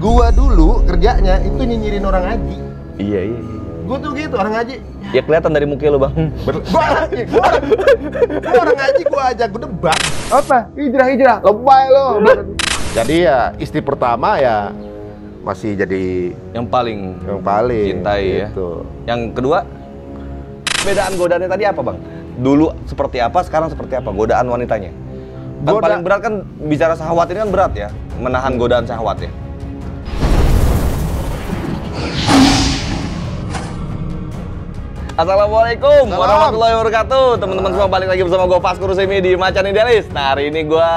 gua dulu kerjanya itu nyinyirin orang ngaji iya iya, iya. gua tuh gitu orang ngaji ya kelihatan dari muka lo bang Ber gua orang aji. gua orang, gua orang haji gua ajak gua debat apa hijrah hijrah lebay lo jadi ya istri pertama ya masih jadi yang paling yang paling cintai ya gitu. yang kedua bedaan godaannya tadi apa bang dulu seperti apa sekarang seperti apa godaan wanitanya kan Goda paling berat kan bicara syahwat ini kan berat ya menahan godaan syahwat ya Assalamualaikum Salam. warahmatullahi wabarakatuh Teman-teman semua balik lagi bersama gue Pas ini di Macan Idealis Nah hari ini gue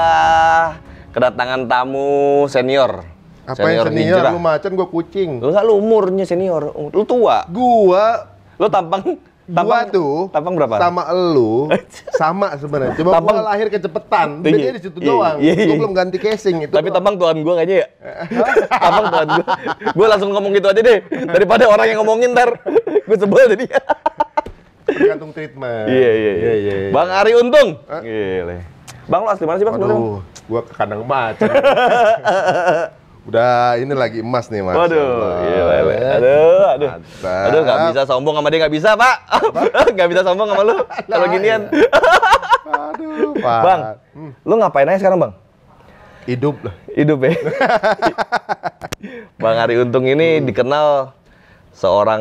kedatangan tamu senior Apa senior yang senior? Lu macan, gue kucing Lu lu umurnya senior, lu tua Gua Lu tampang Tampang, gua tuh tampang berapa? Sama elu sama sebenarnya. Cuma tampang, gua lahir kecepetan. dia di situ iya, iya, doang. Iya, iya, Gua belum ganti casing itu. Tapi doang. tampang tuan gua kayaknya ya. tampang tuan gua. Gua langsung ngomong gitu aja deh daripada orang yang ngomongin ntar gua sebel jadi. Tergantung treatment. Iya iya iya. iya, iya Bang Ari Untung. Huh? Gile. Bang lo asli mana sih Bang? Aduh, gua ke kandang macan. Udah ini lagi emas nih mas. Waduh, iya, iya, aduh, aduh, Mantap. aduh nggak bisa sombong sama dia nggak bisa pak, nggak bisa sombong sama lu kalau ginian. aduh, pak. Bang, hmm. lu ngapain aja sekarang bang? Hidup lah. Hidup ya. bang Ari Untung ini hmm. dikenal seorang,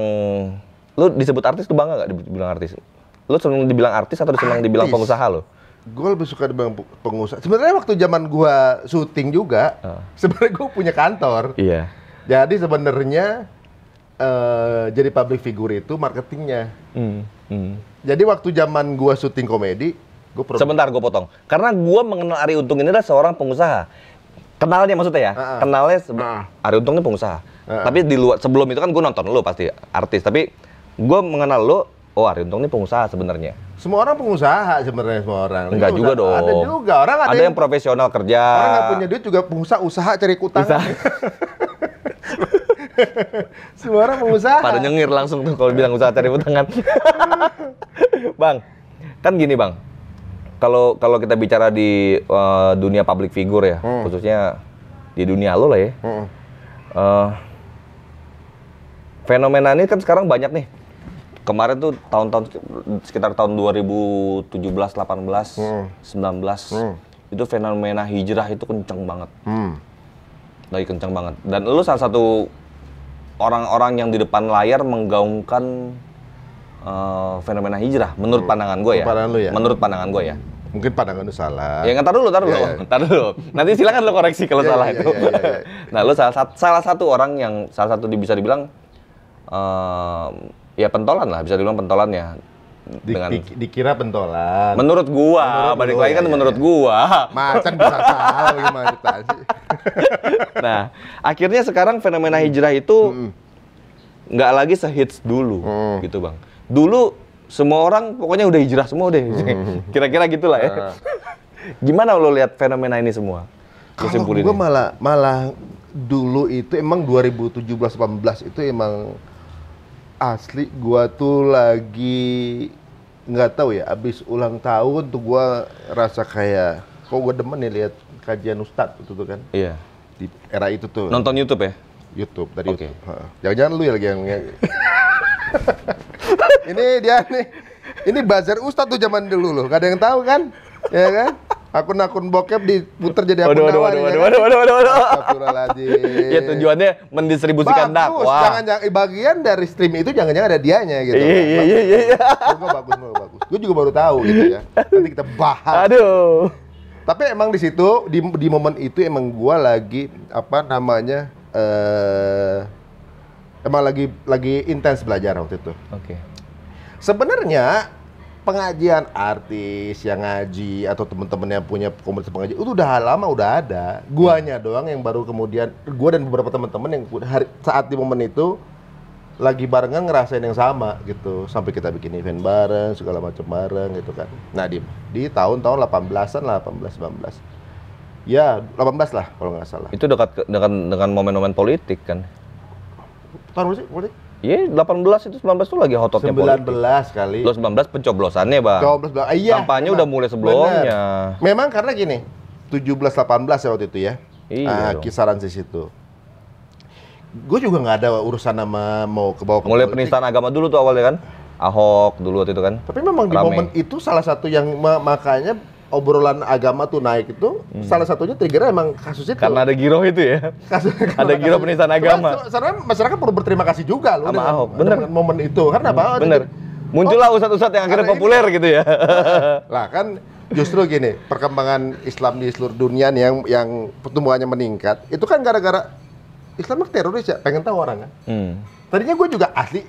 lu disebut artis tuh bangga nggak dibilang artis? Lu seneng dibilang artis atau seneng dibilang pengusaha lo? gue lebih suka dengan pengusaha. Sebenarnya waktu zaman gue syuting juga, uh. sebenarnya gue punya kantor. Iya. Jadi sebenarnya uh, jadi public figure itu marketingnya. Mm, mm. Jadi waktu zaman gue syuting komedi, gue sebentar gue potong. Karena gue mengenal Ari Untung ini adalah seorang pengusaha. Kenalnya maksudnya ya, uh -uh. kenalnya uh Ari Untung ini pengusaha. Uh Tapi di luar sebelum itu kan gue nonton lo pasti artis. Tapi gue mengenal lo, oh Ari Untung ini pengusaha sebenarnya semua orang pengusaha sebenarnya semua orang. Enggak juga usaha. dong. Ada juga orang ada, ada yang, yang profesional kerja. Orang nggak punya duit juga pengusaha usaha cari utang. semua orang pengusaha. Pada nyengir langsung tuh kalau bilang usaha cari kan. bang, kan gini bang. Kalau kalau kita bicara di uh, dunia public figure ya, hmm. khususnya di dunia lo lah ya. Hmm. Uh, fenomena ini kan sekarang banyak nih kemarin tuh tahun-tahun sekitar tahun 2017, 18, hmm. 19 hmm. itu fenomena hijrah itu kenceng banget. Hmm. Lagi kenceng banget. Dan lu salah satu orang-orang yang di depan layar menggaungkan uh, fenomena hijrah menurut hmm. pandangan gue ya. ya. Menurut pandangan gue ya. Mungkin pandangan lu salah. Ya ntar dulu, ntar dulu, yeah, yeah. ntar dulu. Nanti silakan lu koreksi kalau yeah, salah yeah, itu. Yeah, yeah, yeah. nah, lu salah, salah satu orang yang salah satu bisa dibilang uh, ya pentolan lah bisa dibilang pentolannya di, dengan di, dikira pentolan. Menurut gua, menurut balik lagi kan ya, menurut ya. gua. Macan bisa tahu gimana nah, akhirnya sekarang fenomena hmm. hijrah itu hmm. nggak hmm. lagi sehits dulu hmm. gitu, Bang. Dulu semua orang pokoknya udah hijrah semua deh. kira hmm. Kira-kira gitulah ya. Nah. gimana lo lihat fenomena ini semua? Kalau gua ya. malah malah dulu itu emang 2017 18 itu emang asli gua tuh lagi nggak tahu ya abis ulang tahun tuh gua rasa kayak kok gua demen nih lihat kajian ustadz itu tuh kan iya di era itu tuh nonton YouTube ya YouTube tadi okay. YouTube jangan-jangan lu ya lagi yang ini dia nih ini bazar ustadz tuh zaman dulu loh gak ada yang tahu kan ya kan akun-akun bokep diputar jadi akun ya kan? waduh, waduh, waduh, waduh, waduh, waduh, waduh, waduh. ya tujuannya mendistribusikan dakwah. jangan jangan eh, bagian dari stream itu jangan-jangan ada dianya gitu. Iya iya iya iya. bagus, gue bagus. Gue juga baru tahu gitu ya. Nanti kita bahas. Aduh. Tapi emang di situ di di momen itu emang gue lagi apa namanya eh emang lagi lagi intens belajar waktu itu. Oke. Okay. Sebenarnya pengajian artis yang ngaji atau teman-teman yang punya komunitas pengajian itu udah lama udah ada guanya hmm. doang yang baru kemudian gua dan beberapa teman-teman yang hari, saat di momen itu lagi barengan ngerasain yang sama gitu sampai kita bikin event bareng segala macam bareng gitu kan nah di di tahun-tahun 18-an lah 18 19 ya 18 lah kalau nggak salah itu dekat dengan dengan momen-momen politik kan tahun politik Iya, 18 itu 19 itu lagi hototnya 19 politik. kali. Lo 19 pencoblosannya, Bang. Coblos, ah, iya. Kampanye udah mulai sebelumnya. Bener. Memang karena gini, 17 18 ya waktu itu ya. Iya. Uh, kisaran di situ. Gue juga nggak ada urusan sama mau ke bawah Mulai penistaan agama dulu tuh awalnya kan. Ahok dulu waktu itu kan. Tapi memang Rame. di momen itu salah satu yang makanya obrolan agama tuh naik itu hmm. salah satunya triggernya emang kasus itu karena ada giro itu ya kasus, ada giro penistaan agama Karena masyarakat perlu berterima kasih juga loh sama Ahok bener momen itu karena apa hmm, bener muncullah oh, ustadz-ustadz yang akhirnya populer ini. gitu ya lah kan justru gini perkembangan Islam di seluruh dunia nih yang yang pertumbuhannya meningkat itu kan gara-gara Islam kan teroris ya pengen tahu orang kan hmm. tadinya gue juga asli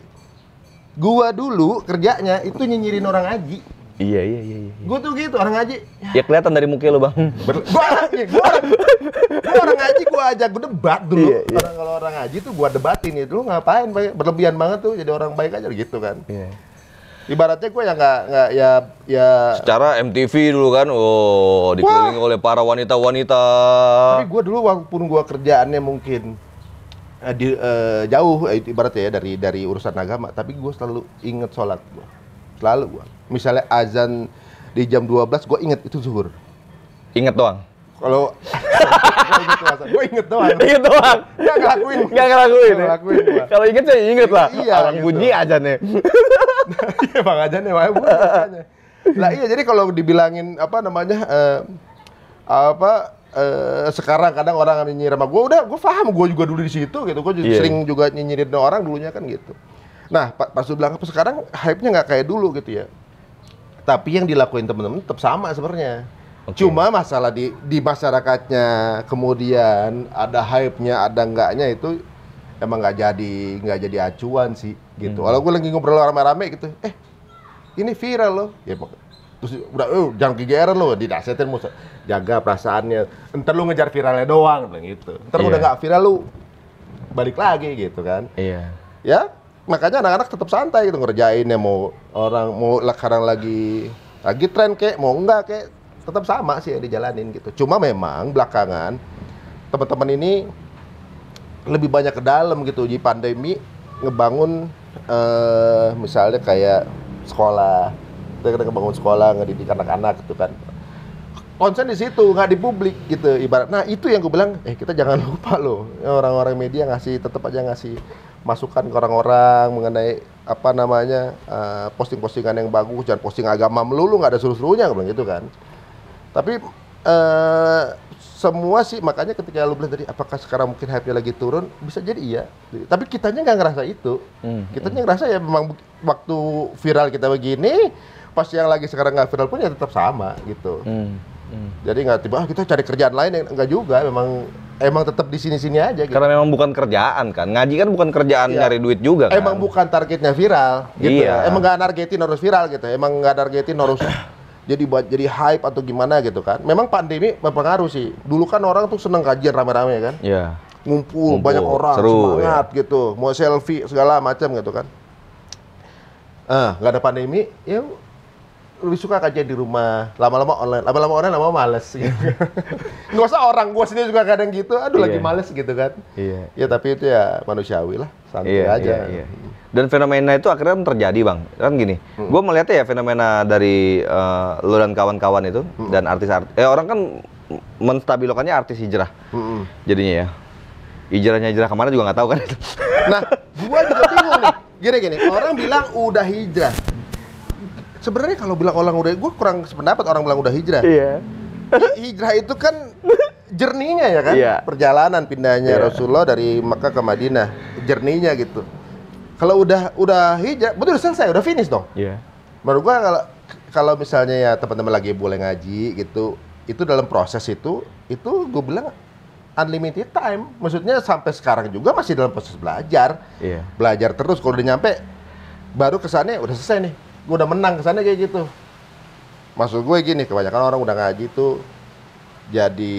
gua dulu kerjanya itu nyinyirin orang aji Iya iya iya. iya. Gue tuh gitu orang ngaji. Ya kelihatan dari muka lo bang. Gue orang ngaji, Gue orang, orang ngaji, gue ajak gue debat dulu. Iya, iya. Orang kalau orang ngaji tuh gue debatin itu lo ngapain berlebihan banget tuh jadi orang baik aja gitu kan. Iya. Ibaratnya gue yang nggak nggak ya ya. Secara MTV dulu kan, oh dikelilingi oleh para wanita-wanita. Tapi gue dulu walaupun gue kerjaannya mungkin eh, di, uh, jauh eh, ibaratnya ya dari dari urusan agama, tapi gue selalu inget sholat gue selalu gua. Misalnya azan di jam 12 gua inget itu zuhur. Inget doang. Kalau gitu gue inget doang. Inget doang. Enggak ngelakuin. Enggak ngelakuin. Enggak ya? ngelakuin. Kalau inget sih inget lah. Iya, Orang bunyi azannya. Iya bang azannya, wae bunyi Lah iya jadi kalau dibilangin apa namanya uh, apa uh, sekarang kadang orang nyinyir sama gue udah gue paham gue juga dulu di situ gitu gue yeah. sering juga nyinyirin orang dulunya kan gitu Nah, Pak Pak bilang sekarang hype-nya nggak kayak dulu gitu ya. Tapi yang dilakuin temen-temen tetap sama sebenarnya. Okay. Cuma masalah di di masyarakatnya kemudian ada hype-nya ada enggaknya itu emang nggak jadi nggak jadi acuan sih gitu. Hmm. gue lagi ngobrol rame-rame gitu, eh ini viral loh. Ya terus udah eh, jangan loh, lo dinasehatin mau jaga perasaannya Entar lu ngejar viralnya doang gitu ntar yeah. udah nggak viral lu balik lagi gitu kan iya yeah. ya makanya anak-anak tetap santai gitu ngerjain ya mau orang mau sekarang lagi lagi tren kek mau enggak kek tetap sama sih ya dijalanin gitu cuma memang belakangan teman-teman ini lebih banyak ke dalam gitu di pandemi ngebangun eh, misalnya kayak sekolah kita ngebangun sekolah ngedidik anak-anak gitu kan konsen di situ nggak di publik gitu ibarat nah itu yang gue bilang eh kita jangan lupa loh orang-orang media ngasih tetap aja ngasih masukan ke orang-orang mengenai apa namanya uh, posting-postingan yang bagus dan posting agama melulu nggak ada seluruh-seluruhnya bilang gitu kan tapi uh, semua sih makanya ketika lu bilang tadi apakah sekarang mungkin hype-nya lagi turun bisa jadi iya tapi kitanya nggak ngerasa itu hmm, kitanya hmm. ngerasa ya memang waktu viral kita begini pas yang lagi sekarang nggak viral pun ya tetap sama gitu hmm, hmm. jadi nggak tiba ah kita cari kerjaan lain yang nggak juga memang emang tetap di sini-sini aja gitu. Karena memang bukan kerjaan kan. Ngaji kan bukan kerjaan iya. nyari duit juga kan. Emang bukan targetnya viral gitu. Iya. Ya. Emang nggak nargetin harus viral gitu. Emang nggak nargetin harus jadi buat jadi hype atau gimana gitu kan. Memang pandemi berpengaruh sih. Dulu kan orang tuh seneng kajian rame-rame kan. Iya. Ngumpul, Ngumpul banyak orang seru, semangat iya. gitu. Mau selfie segala macam gitu kan. Eh, nggak ada pandemi, ya lebih suka kerja di rumah lama-lama online lama-lama online lama lama males gitu nggak usah orang gua sendiri juga kadang gitu aduh yeah. lagi iya. males gitu kan iya yeah. ya tapi itu ya manusiawi lah santai yeah, aja yeah, yeah. dan fenomena itu akhirnya terjadi bang kan gini hmm. gua melihatnya ya fenomena dari uh, eh, lo dan kawan-kawan itu hmm. dan artis artis eh orang kan menstabilokannya artis hijrah hmm. jadinya ya hijrahnya hijrah kemana juga nggak tahu kan nah gue juga bingung nih gini gini orang bilang udah hijrah sebenarnya kalau bilang orang udah gue kurang sependapat orang bilang udah hijrah. Iya. Hijrah itu kan jerninya ya kan? Iya. Perjalanan pindahnya iya. Rasulullah dari Mekah ke Madinah, jerninya gitu. Kalau udah udah hijrah, betul selesai, udah finish dong. Iya. Menurut gua kalau kalau misalnya ya teman-teman lagi boleh ngaji gitu, itu dalam proses itu itu gue bilang unlimited time. Maksudnya sampai sekarang juga masih dalam proses belajar. Iya. Belajar terus kalau udah nyampe baru kesannya udah selesai nih gue udah menang kesana kayak gitu maksud gue gini kebanyakan orang udah ngaji tuh jadi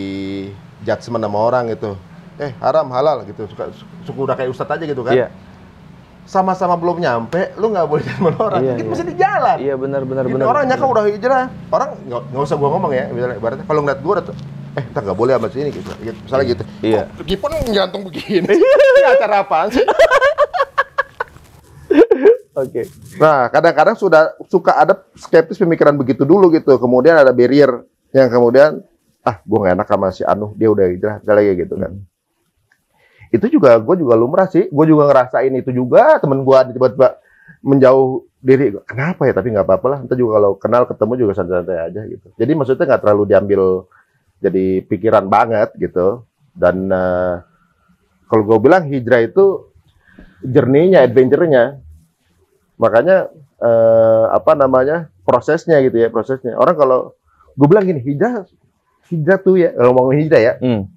judgement sama orang gitu eh haram halal gitu suka suku udah kayak ustadz aja gitu kan yeah. sama-sama belum nyampe lu nggak boleh judgement orang iya, gitu iya. mesti di jalan iya benar benar gitu, benar orangnya kan udah hijrah orang nggak usah gua ngomong ya misalnya ibaratnya kalau ngeliat gua tuh eh kita nggak boleh sama sini gitu, gitu misalnya gitu iya Gipon jantung begini acara apaan sih Oke. Okay. Nah, kadang-kadang sudah suka ada skeptis pemikiran begitu dulu gitu. Kemudian ada barrier yang kemudian ah gue gak enak sama si Anu, dia udah hijrah, gitu ya gitu kan. Hmm. Itu juga gue juga lumrah sih. Gue juga ngerasain itu juga. Temen gue tiba-tiba menjauh diri. Kenapa ya? Tapi nggak apa-apa lah. Nanti juga kalau kenal ketemu juga santai-santai aja gitu. Jadi maksudnya nggak terlalu diambil jadi pikiran banget gitu. Dan uh, kalau gue bilang hijrah itu jernihnya, adventure-nya Makanya eh, apa namanya prosesnya gitu ya prosesnya. Orang kalau gue bilang gini hijrah hijrah tuh ya kalau mau hijrah ya. Hmm.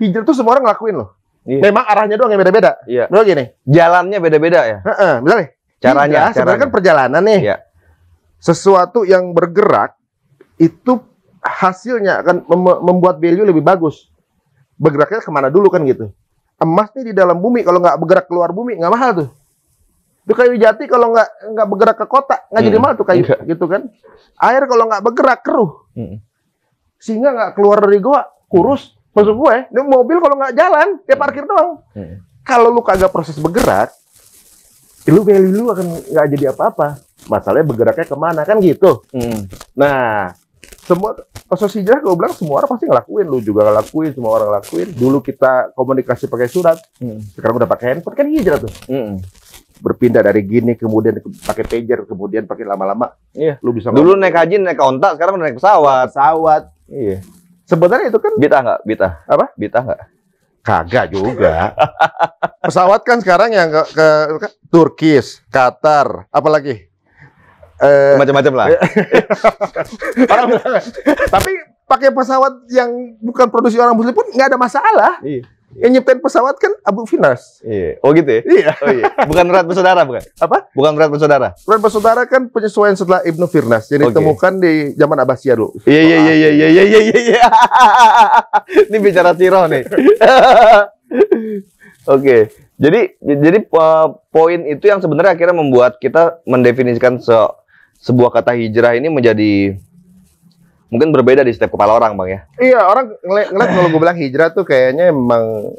Hijrah tuh semua orang ngelakuin loh. Iya. Memang arahnya doang yang beda-beda. Iya. doang gini. Jalannya beda-beda ya. Heeh, -he, misalnya caranya, hijrah, caranya. kan perjalanan nih. Iya. Sesuatu yang bergerak itu hasilnya akan mem membuat value lebih bagus. Bergeraknya kemana dulu kan gitu. Emas nih di dalam bumi, kalau nggak bergerak keluar bumi nggak mahal tuh. Itu kayu jati kalau nggak nggak bergerak ke kota nggak jadi hmm. malu tuh kayu Enggak. gitu kan. Air kalau nggak bergerak keruh. Hmm. Sehingga nggak keluar dari gua kurus. Hmm. Maksud gue, ini mobil kalau nggak jalan dia hmm. parkir doang. Hmm. Kalau lu kagak proses bergerak, lu value lu akan nggak jadi apa-apa. Masalahnya bergeraknya kemana kan gitu. Hmm. Nah, semua proses hijrah gue bilang semua orang pasti ngelakuin lu juga ngelakuin semua orang ngelakuin dulu kita komunikasi pakai surat hmm. sekarang udah pakai handphone kan hijrah tuh hmm berpindah dari gini kemudian pakai pager kemudian pakai lama-lama iya. lu bisa dulu naik haji naik onta sekarang naik pesawat pesawat iya sebenarnya itu kan Bita nggak bita. apa Bita nggak kagak juga pesawat kan sekarang yang ke, ke, ke Turkis Qatar apalagi eh, macam-macam lah tapi pakai pesawat yang bukan produksi orang muslim pun nggak ada masalah iya yang nyiptain pesawat kan Abu Finas. Iya. Oh gitu ya? Iya. Oh, iya. Bukan berat bersaudara bukan? Apa? Bukan berat bersaudara. Berat bersaudara kan penyesuaian setelah Ibnu Firnas. Jadi okay. ditemukan di zaman Abbasiyah dulu. Iya iya iya iya iya iya iya iya. Ini bicara Tiro nih. Oke. Okay. Jadi jadi eh, poin itu yang sebenarnya akhirnya membuat kita mendefinisikan se sebuah kata hijrah ini menjadi mungkin berbeda di setiap kepala orang bang ya iya orang ngeliat, ngeliat kalau gue bilang hijrah tuh kayaknya emang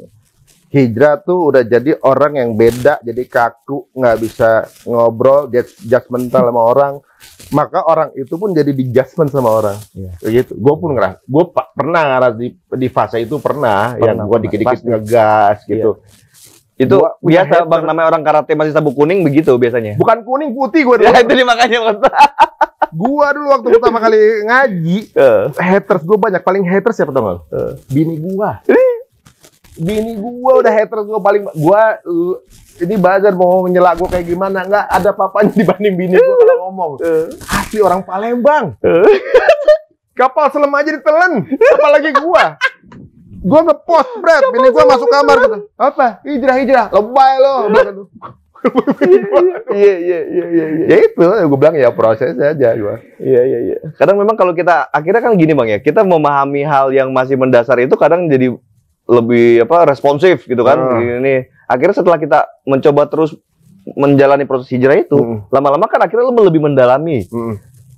hijrah tuh udah jadi orang yang beda jadi kaku nggak bisa ngobrol judgmental sama orang maka orang itu pun jadi di judgment sama orang iya. gitu gue pun ngeras gue pernah ngeras di, di fase itu pernah, pernah yang gue dikit-dikit ngegas iya. gitu iya. Itu gua biasa bang namanya orang karate masih sabuk kuning begitu biasanya. Bukan kuning putih gue. Ya itu makanya gua dulu waktu pertama kali ngaji, uh. haters gua banyak. Paling haters siapa tau gak? Uh. Bini gua. Bini gua udah haters gua paling gua eh, ini bazar mau nyela gua kayak gimana? nggak ada papanya dibanding bini gua kalau ngomong. Uh. Asli orang Palembang. Uh. Kapal selam aja ditelan, apalagi gua. Gua ngepost, Brad. Bini gua masuk kamar. Apa? Hijrah, hijrah. Lebay lo. Iya, iya iya iya iya. Ya itu, gue bilang ya proses aja gue. Iya iya iya. Kadang memang kalau kita akhirnya kan gini bang ya, kita memahami hal yang masih mendasar itu kadang jadi lebih apa responsif gitu kan hmm. Ah. Ini Akhirnya setelah kita mencoba terus menjalani proses hijrah itu, lama lama-lama kan akhirnya lebih mendalami hmm.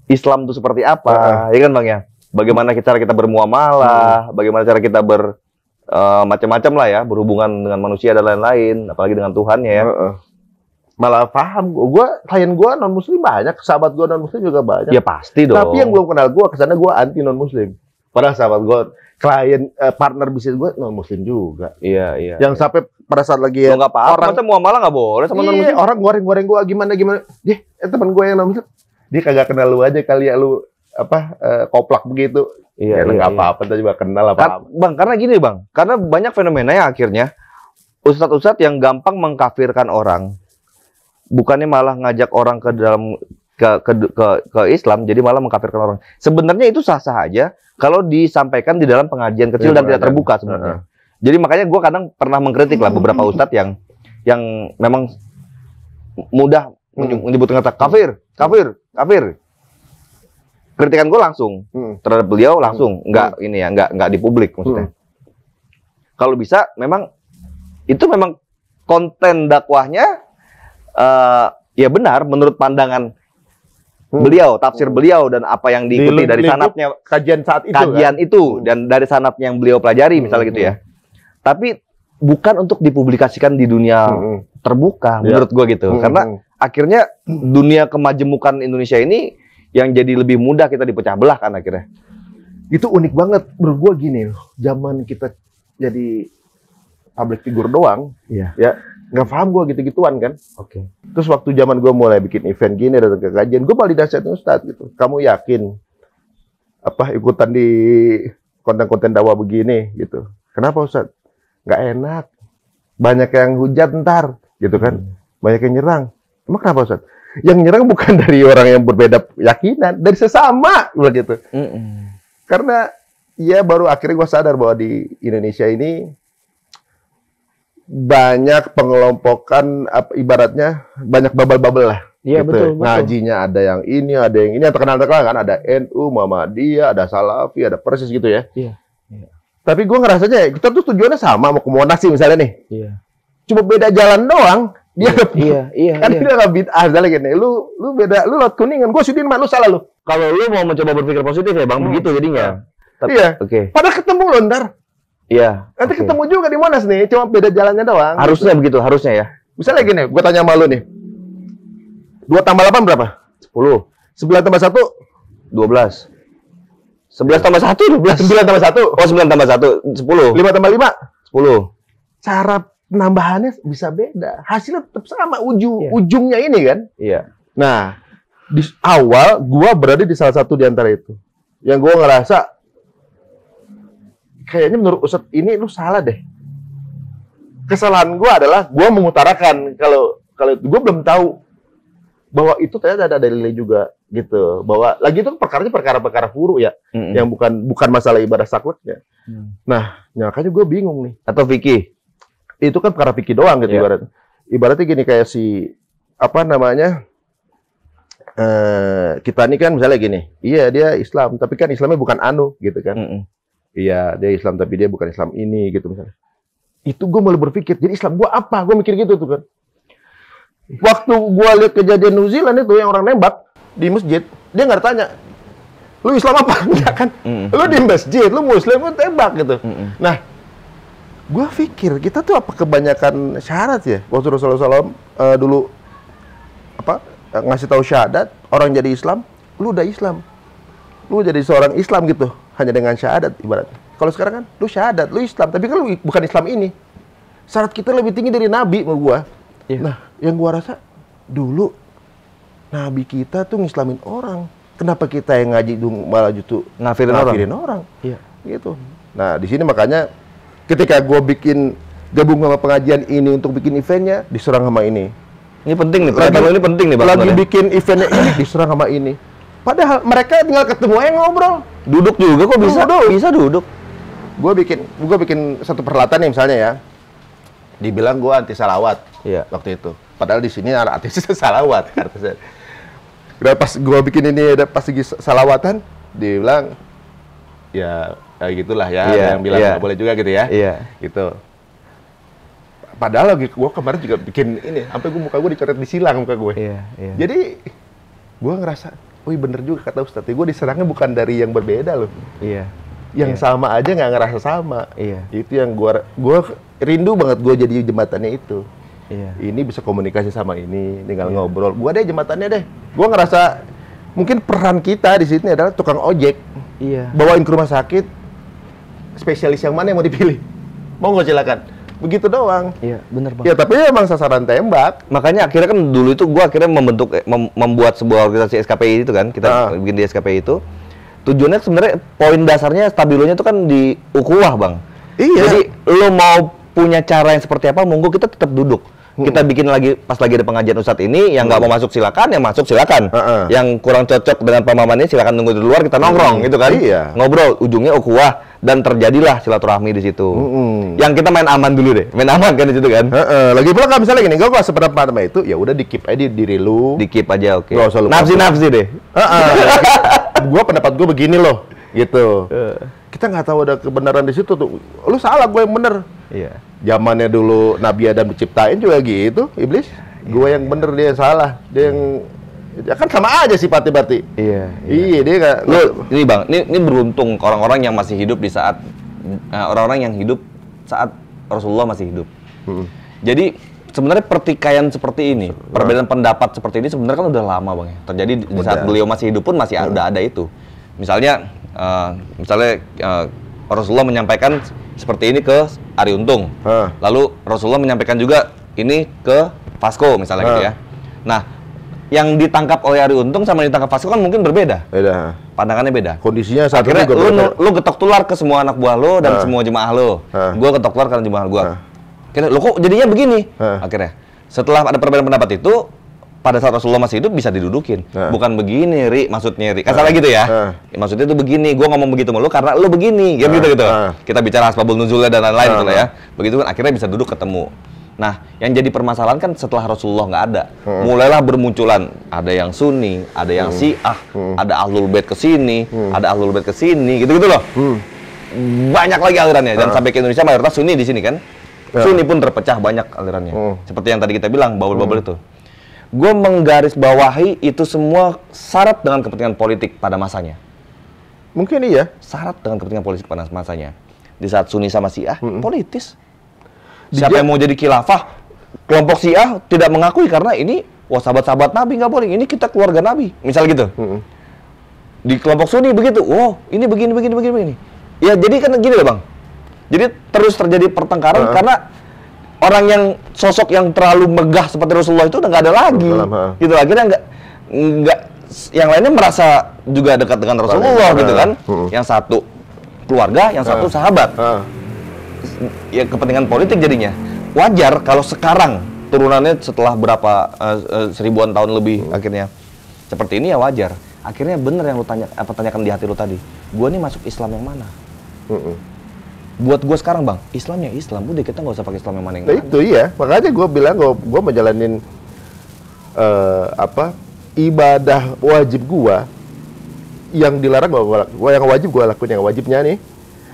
Islam itu seperti apa, hmm. ya kan bang ya. Bagaimana cara kita bermuamalah, hmm. bagaimana cara kita ber uh, macam-macam lah ya berhubungan dengan manusia dan lain-lain apalagi dengan Tuhan ya uh -uh malah paham gue klien gue non muslim banyak sahabat gue non muslim juga banyak ya pasti dong tapi yang belum kenal gue kesana gue anti non muslim padahal sahabat gue klien eh, partner bisnis gue non muslim juga iya iya yang iya. sampai pada saat lagi ya paham, orang semua malah nggak boleh sama iya, non muslim orang goreng goreng gue gimana gimana deh eh, teman gue yang non muslim dia kagak kenal lu aja kali ya lu apa eh, koplak begitu iya, ya, iya, iya, apa-apa tapi juga kenal apa, apa bang karena gini bang karena banyak fenomena yang akhirnya ustadz-ustadz yang gampang mengkafirkan orang bukannya malah ngajak orang ke dalam ke ke ke, ke Islam jadi malah mengkafirkan orang. Sebenarnya itu sah-sah aja kalau disampaikan di dalam pengajian kecil ya, dan tidak terbuka sebenarnya. Uh -huh. Jadi makanya gue kadang pernah mengkritik lah beberapa hmm. ustadz yang yang memang mudah hmm. menyebut kata kafir, kafir, kafir. Kritikan gue langsung hmm. terhadap beliau langsung, nggak ini ya, nggak nggak di publik maksudnya. Kalau bisa memang itu memang konten dakwahnya uh, ya benar menurut pandangan hmm. beliau tafsir beliau dan apa yang diikuti dari sanatnya kajian saat itu kajian kan? itu hmm. dan dari sanatnya yang beliau pelajari misalnya gitu ya hmm. tapi bukan untuk dipublikasikan di dunia hmm. terbuka ya. menurut gua gitu hmm. karena akhirnya dunia kemajemukan Indonesia ini yang jadi lebih mudah kita dipecah belah kan akhirnya itu unik banget menurut gua gini loh zaman kita jadi public figure doang iya. ya, ya nggak paham gue gitu-gituan kan. Oke. Okay. Terus waktu zaman gue mulai bikin event gini datang ke kajian, gue paling itu Ustaz gitu. Kamu yakin apa ikutan di konten-konten dakwah begini gitu? Kenapa Ustaz? Nggak enak. Banyak yang hujat ntar gitu kan. Banyak yang nyerang. Emang kenapa Ustaz? Yang nyerang bukan dari orang yang berbeda keyakinan, dari sesama begitu. Mm -mm. Karena ya baru akhirnya gue sadar bahwa di Indonesia ini banyak pengelompokan apa, ibaratnya banyak babel-babel lah. Iya gitu. betul, betul. Ngajinya ada yang ini, ada yang ini yang terkenal-terkenal kan ada NU, Muhammadiyah, ada Salafi, ada Persis gitu ya. Iya. iya. Tapi gue ngerasanya kita tuh tujuannya sama mau ke Monas sih misalnya nih. Iya. Cuma beda jalan doang. Dia iya, iya, iya, kan iya. dia nggak bid'ah dalam gini. Lu lu beda, lu lot kuningan, gue sudin mak lu salah lu. Kalau lu mau mencoba berpikir positif ya bang, hmm. begitu jadinya. Tapi, iya. Oke. Okay. Padahal ketemu lo ntar. Iya. Nanti okay. ketemu juga di Monas nih, cuma beda jalannya doang. Harusnya gitu. begitu, harusnya ya. Misalnya gini, gue tanya sama lu nih. 2 tambah 8 berapa? 10. 9 tambah 1? 12. 11 tambah 1, 12. 9 tambah 1? Oh, 9 tambah 1, 10. 5 tambah 5? 10. Cara penambahannya bisa beda. Hasilnya tetap sama ujung yeah. ujungnya ini kan? Iya. Yeah. Nah, di awal gua berada di salah satu di antara itu. Yang gua ngerasa kayaknya menurut Ustadz ini lu salah deh. Kesalahan gue adalah gue mengutarakan kalau kalau gue belum tahu bahwa itu ternyata ada dalilnya juga gitu bahwa lagi itu kan perkaranya perkara-perkara furu ya mm-hmm. yang bukan bukan masalah ibadah sakleknya mm. nah makanya gue bingung nih atau Vicky itu kan perkara Vicky doang gitu yeah. ibarat ibaratnya gini kayak si apa namanya eh kita ini kan misalnya gini iya dia Islam tapi kan Islamnya bukan anu gitu kan mm-hmm iya dia Islam tapi dia bukan Islam ini gitu misalnya itu gue mulai berpikir jadi Islam gue apa gue mikir gitu tuh kan waktu gue lihat kejadian New Zealand itu yang orang nembak di masjid dia nggak tanya lu Islam apa enggak kan mm. lu di masjid lu Muslim lu tembak gitu nah gue pikir kita tuh apa kebanyakan syarat ya waktu Rasulullah SAW uh, eh, dulu apa ngasih tahu syahadat orang jadi Islam lu udah Islam lu jadi seorang Islam gitu hanya dengan syahadat ibaratnya. Kalau sekarang kan lu syahadat, lu Islam, tapi kan lu bukan Islam ini. Syarat kita lebih tinggi dari nabi mau gua. Yeah. Nah, yang gua rasa dulu nabi kita tuh ngislamin orang. Kenapa kita yang ngaji dulu malah justru nafirin, nafirin orang? Iya. Yeah. Gitu. Nah, di sini makanya ketika gua bikin gabung sama pengajian ini untuk bikin eventnya diserang sama ini. Ini penting nih, lagi, ini penting nih Bang. Lagi bikin eventnya ini diserang sama ini. Padahal mereka tinggal ketemu aja ngobrol. Duduk juga kok bisa? Duduk. Bisa duduk. Gue bikin gue bikin satu peralatan nih misalnya ya. Dibilang gue anti salawat. Iya. Waktu itu. Padahal di sini artisnya salawat. Artisnya. pas gue bikin ini ada pas lagi salawatan, dibilang ya, ya gitulah ya iya. yang bilang iya. gak boleh juga gitu ya. Iya. Gitu padahal lagi gue kemarin juga bikin ini sampai gue muka gue dicoret disilang muka gue iya, iya. jadi gue ngerasa wih bener juga kata Ustadz, gue diserangnya bukan dari yang berbeda loh. Iya. Yang iya. sama aja nggak ngerasa sama. Iya. Itu yang gue gue rindu banget gue jadi jembatannya itu. Iya. Ini bisa komunikasi sama ini, tinggal iya. ngobrol. Gue deh jembatannya deh. Gue ngerasa mungkin peran kita di sini adalah tukang ojek. Iya. Bawain ke rumah sakit. Spesialis yang mana yang mau dipilih? Mau nggak silakan begitu doang. Iya, bener banget. Ya, tapi ya emang sasaran tembak. Makanya akhirnya kan dulu itu gue akhirnya membentuk eh, mem membuat sebuah organisasi SKPI itu kan, kita uh. bikin di SKPI itu. Tujuannya sebenarnya poin dasarnya stabilonya itu kan di ukuah, Bang. Iya. Jadi lo mau punya cara yang seperti apa, monggo kita tetap duduk. Hmm. Kita bikin lagi pas lagi ada pengajian ustadz ini yang nggak hmm. mau masuk silakan, yang masuk silakan. Uh -uh. Yang kurang cocok dengan pemahamannya silakan tunggu di luar kita nongkrong hmm. gitu kan. Iya. Ngobrol ujungnya ukuah dan terjadilah silaturahmi di situ. Mm -hmm. Yang kita main aman dulu deh, main aman kan di situ kan. Uh, uh. Lagi pula kalau misalnya gini, kalau seperempat sama itu, ya udah dikip aja diri lu. Dikip aja, oke. Okay. Nafsi-nafsi deh. Uh, gua pendapat gue begini loh, gitu. Kita nggak tahu ada kebenaran di situ tuh. Lu salah, gue yang bener. Iya. Yeah. Zamannya dulu Nabi Adam diciptain juga gitu, iblis. gue yang bener dia yang salah, dia yang Ya kan sama aja sifatnya berarti. Iya. Iya, iya dia gak, Lu, ini Bang, ini, ini beruntung orang-orang yang masih hidup di saat eh, orang-orang uh, yang hidup saat Rasulullah masih hidup. Hmm. Jadi sebenarnya pertikaian seperti ini, hmm. perbedaan pendapat seperti ini sebenarnya kan udah lama Bang ya. Terjadi di, saat saat beliau masih hidup pun masih hmm. udah ada itu. Misalnya uh, misalnya uh, Rasulullah menyampaikan seperti ini ke Ari Untung. hmm. Lalu Rasulullah menyampaikan juga ini ke Vasco misalnya hmm. gitu ya. Nah, yang ditangkap oleh Ari Untung sama ditangkap Vasco kan mungkin berbeda. Beda. Pandangannya beda. Kondisinya saat Akhirnya itu lu, lu getok tular ke semua anak buah lo dan ha. semua jemaah lo. Ha. Gua getok tular karena jemaah gua. Kira Akhirnya, lo kok jadinya begini? Ha. Akhirnya setelah ada perbedaan pendapat itu pada saat Rasulullah masih hidup bisa didudukin. Uh. Bukan begini, Ri, maksudnya Ri. Kasar uh. gitu ya. Uh. Maksudnya itu begini, gua ngomong begitu sama lu karena lu begini, ya gitu gitu. Kita bicara asbabul nuzulnya dan lain-lain gitu ya. Begitu kan akhirnya bisa duduk ketemu. Nah, yang jadi permasalahan kan setelah Rasulullah nggak ada, hmm. mulailah bermunculan ada yang Sunni, ada yang hmm. Syiah, hmm. ada ahlul bait ke sini, hmm. ada ahlul bait ke sini, gitu-gitu loh. Hmm. Banyak lagi alirannya dan hmm. sampai ke Indonesia mayoritas Sunni di sini kan. Hmm. Sunni pun terpecah banyak alirannya. Hmm. Seperti yang tadi kita bilang bubble-bubble hmm. itu. Gue menggarisbawahi itu semua syarat dengan kepentingan politik pada masanya. Mungkin iya. Syarat dengan kepentingan politik pada masanya. Di saat Sunni sama Syiah, hmm. politis Siapa yang mau jadi khilafah? Kelompok Syiah tidak mengakui karena ini wah sahabat-sahabat Nabi nggak boleh. Ini kita keluarga Nabi. Misal gitu. Hmm. Di kelompok Sunni begitu. wah oh, ini begini begini begini begini. Ya jadi kan gini loh bang. Jadi terus terjadi pertengkaran uh -huh. karena orang yang sosok yang terlalu megah seperti Rasulullah itu udah nggak ada lagi. -huh. Gitu akhirnya nggak nggak yang lainnya merasa juga dekat dengan Rasulullah gitu kan. Uh, -huh. Yang satu keluarga, yang satu uh, sahabat. Uh ya kepentingan politik jadinya. Wajar kalau sekarang turunannya setelah berapa uh, uh, seribuan tahun lebih hmm. akhirnya seperti ini ya wajar. Akhirnya bener yang lu tanya apa tanyakan di hati lu tadi. Gua nih masuk Islam yang mana? Hmm. Buat gue sekarang bang, Islam ya Islam, udah kita nggak usah pakai Islam yang mana yang nah, itu iya, makanya gue bilang gue mau jalanin uh, eh, apa ibadah wajib gue yang dilarang gue yang wajib gue lakuin yang wajibnya nih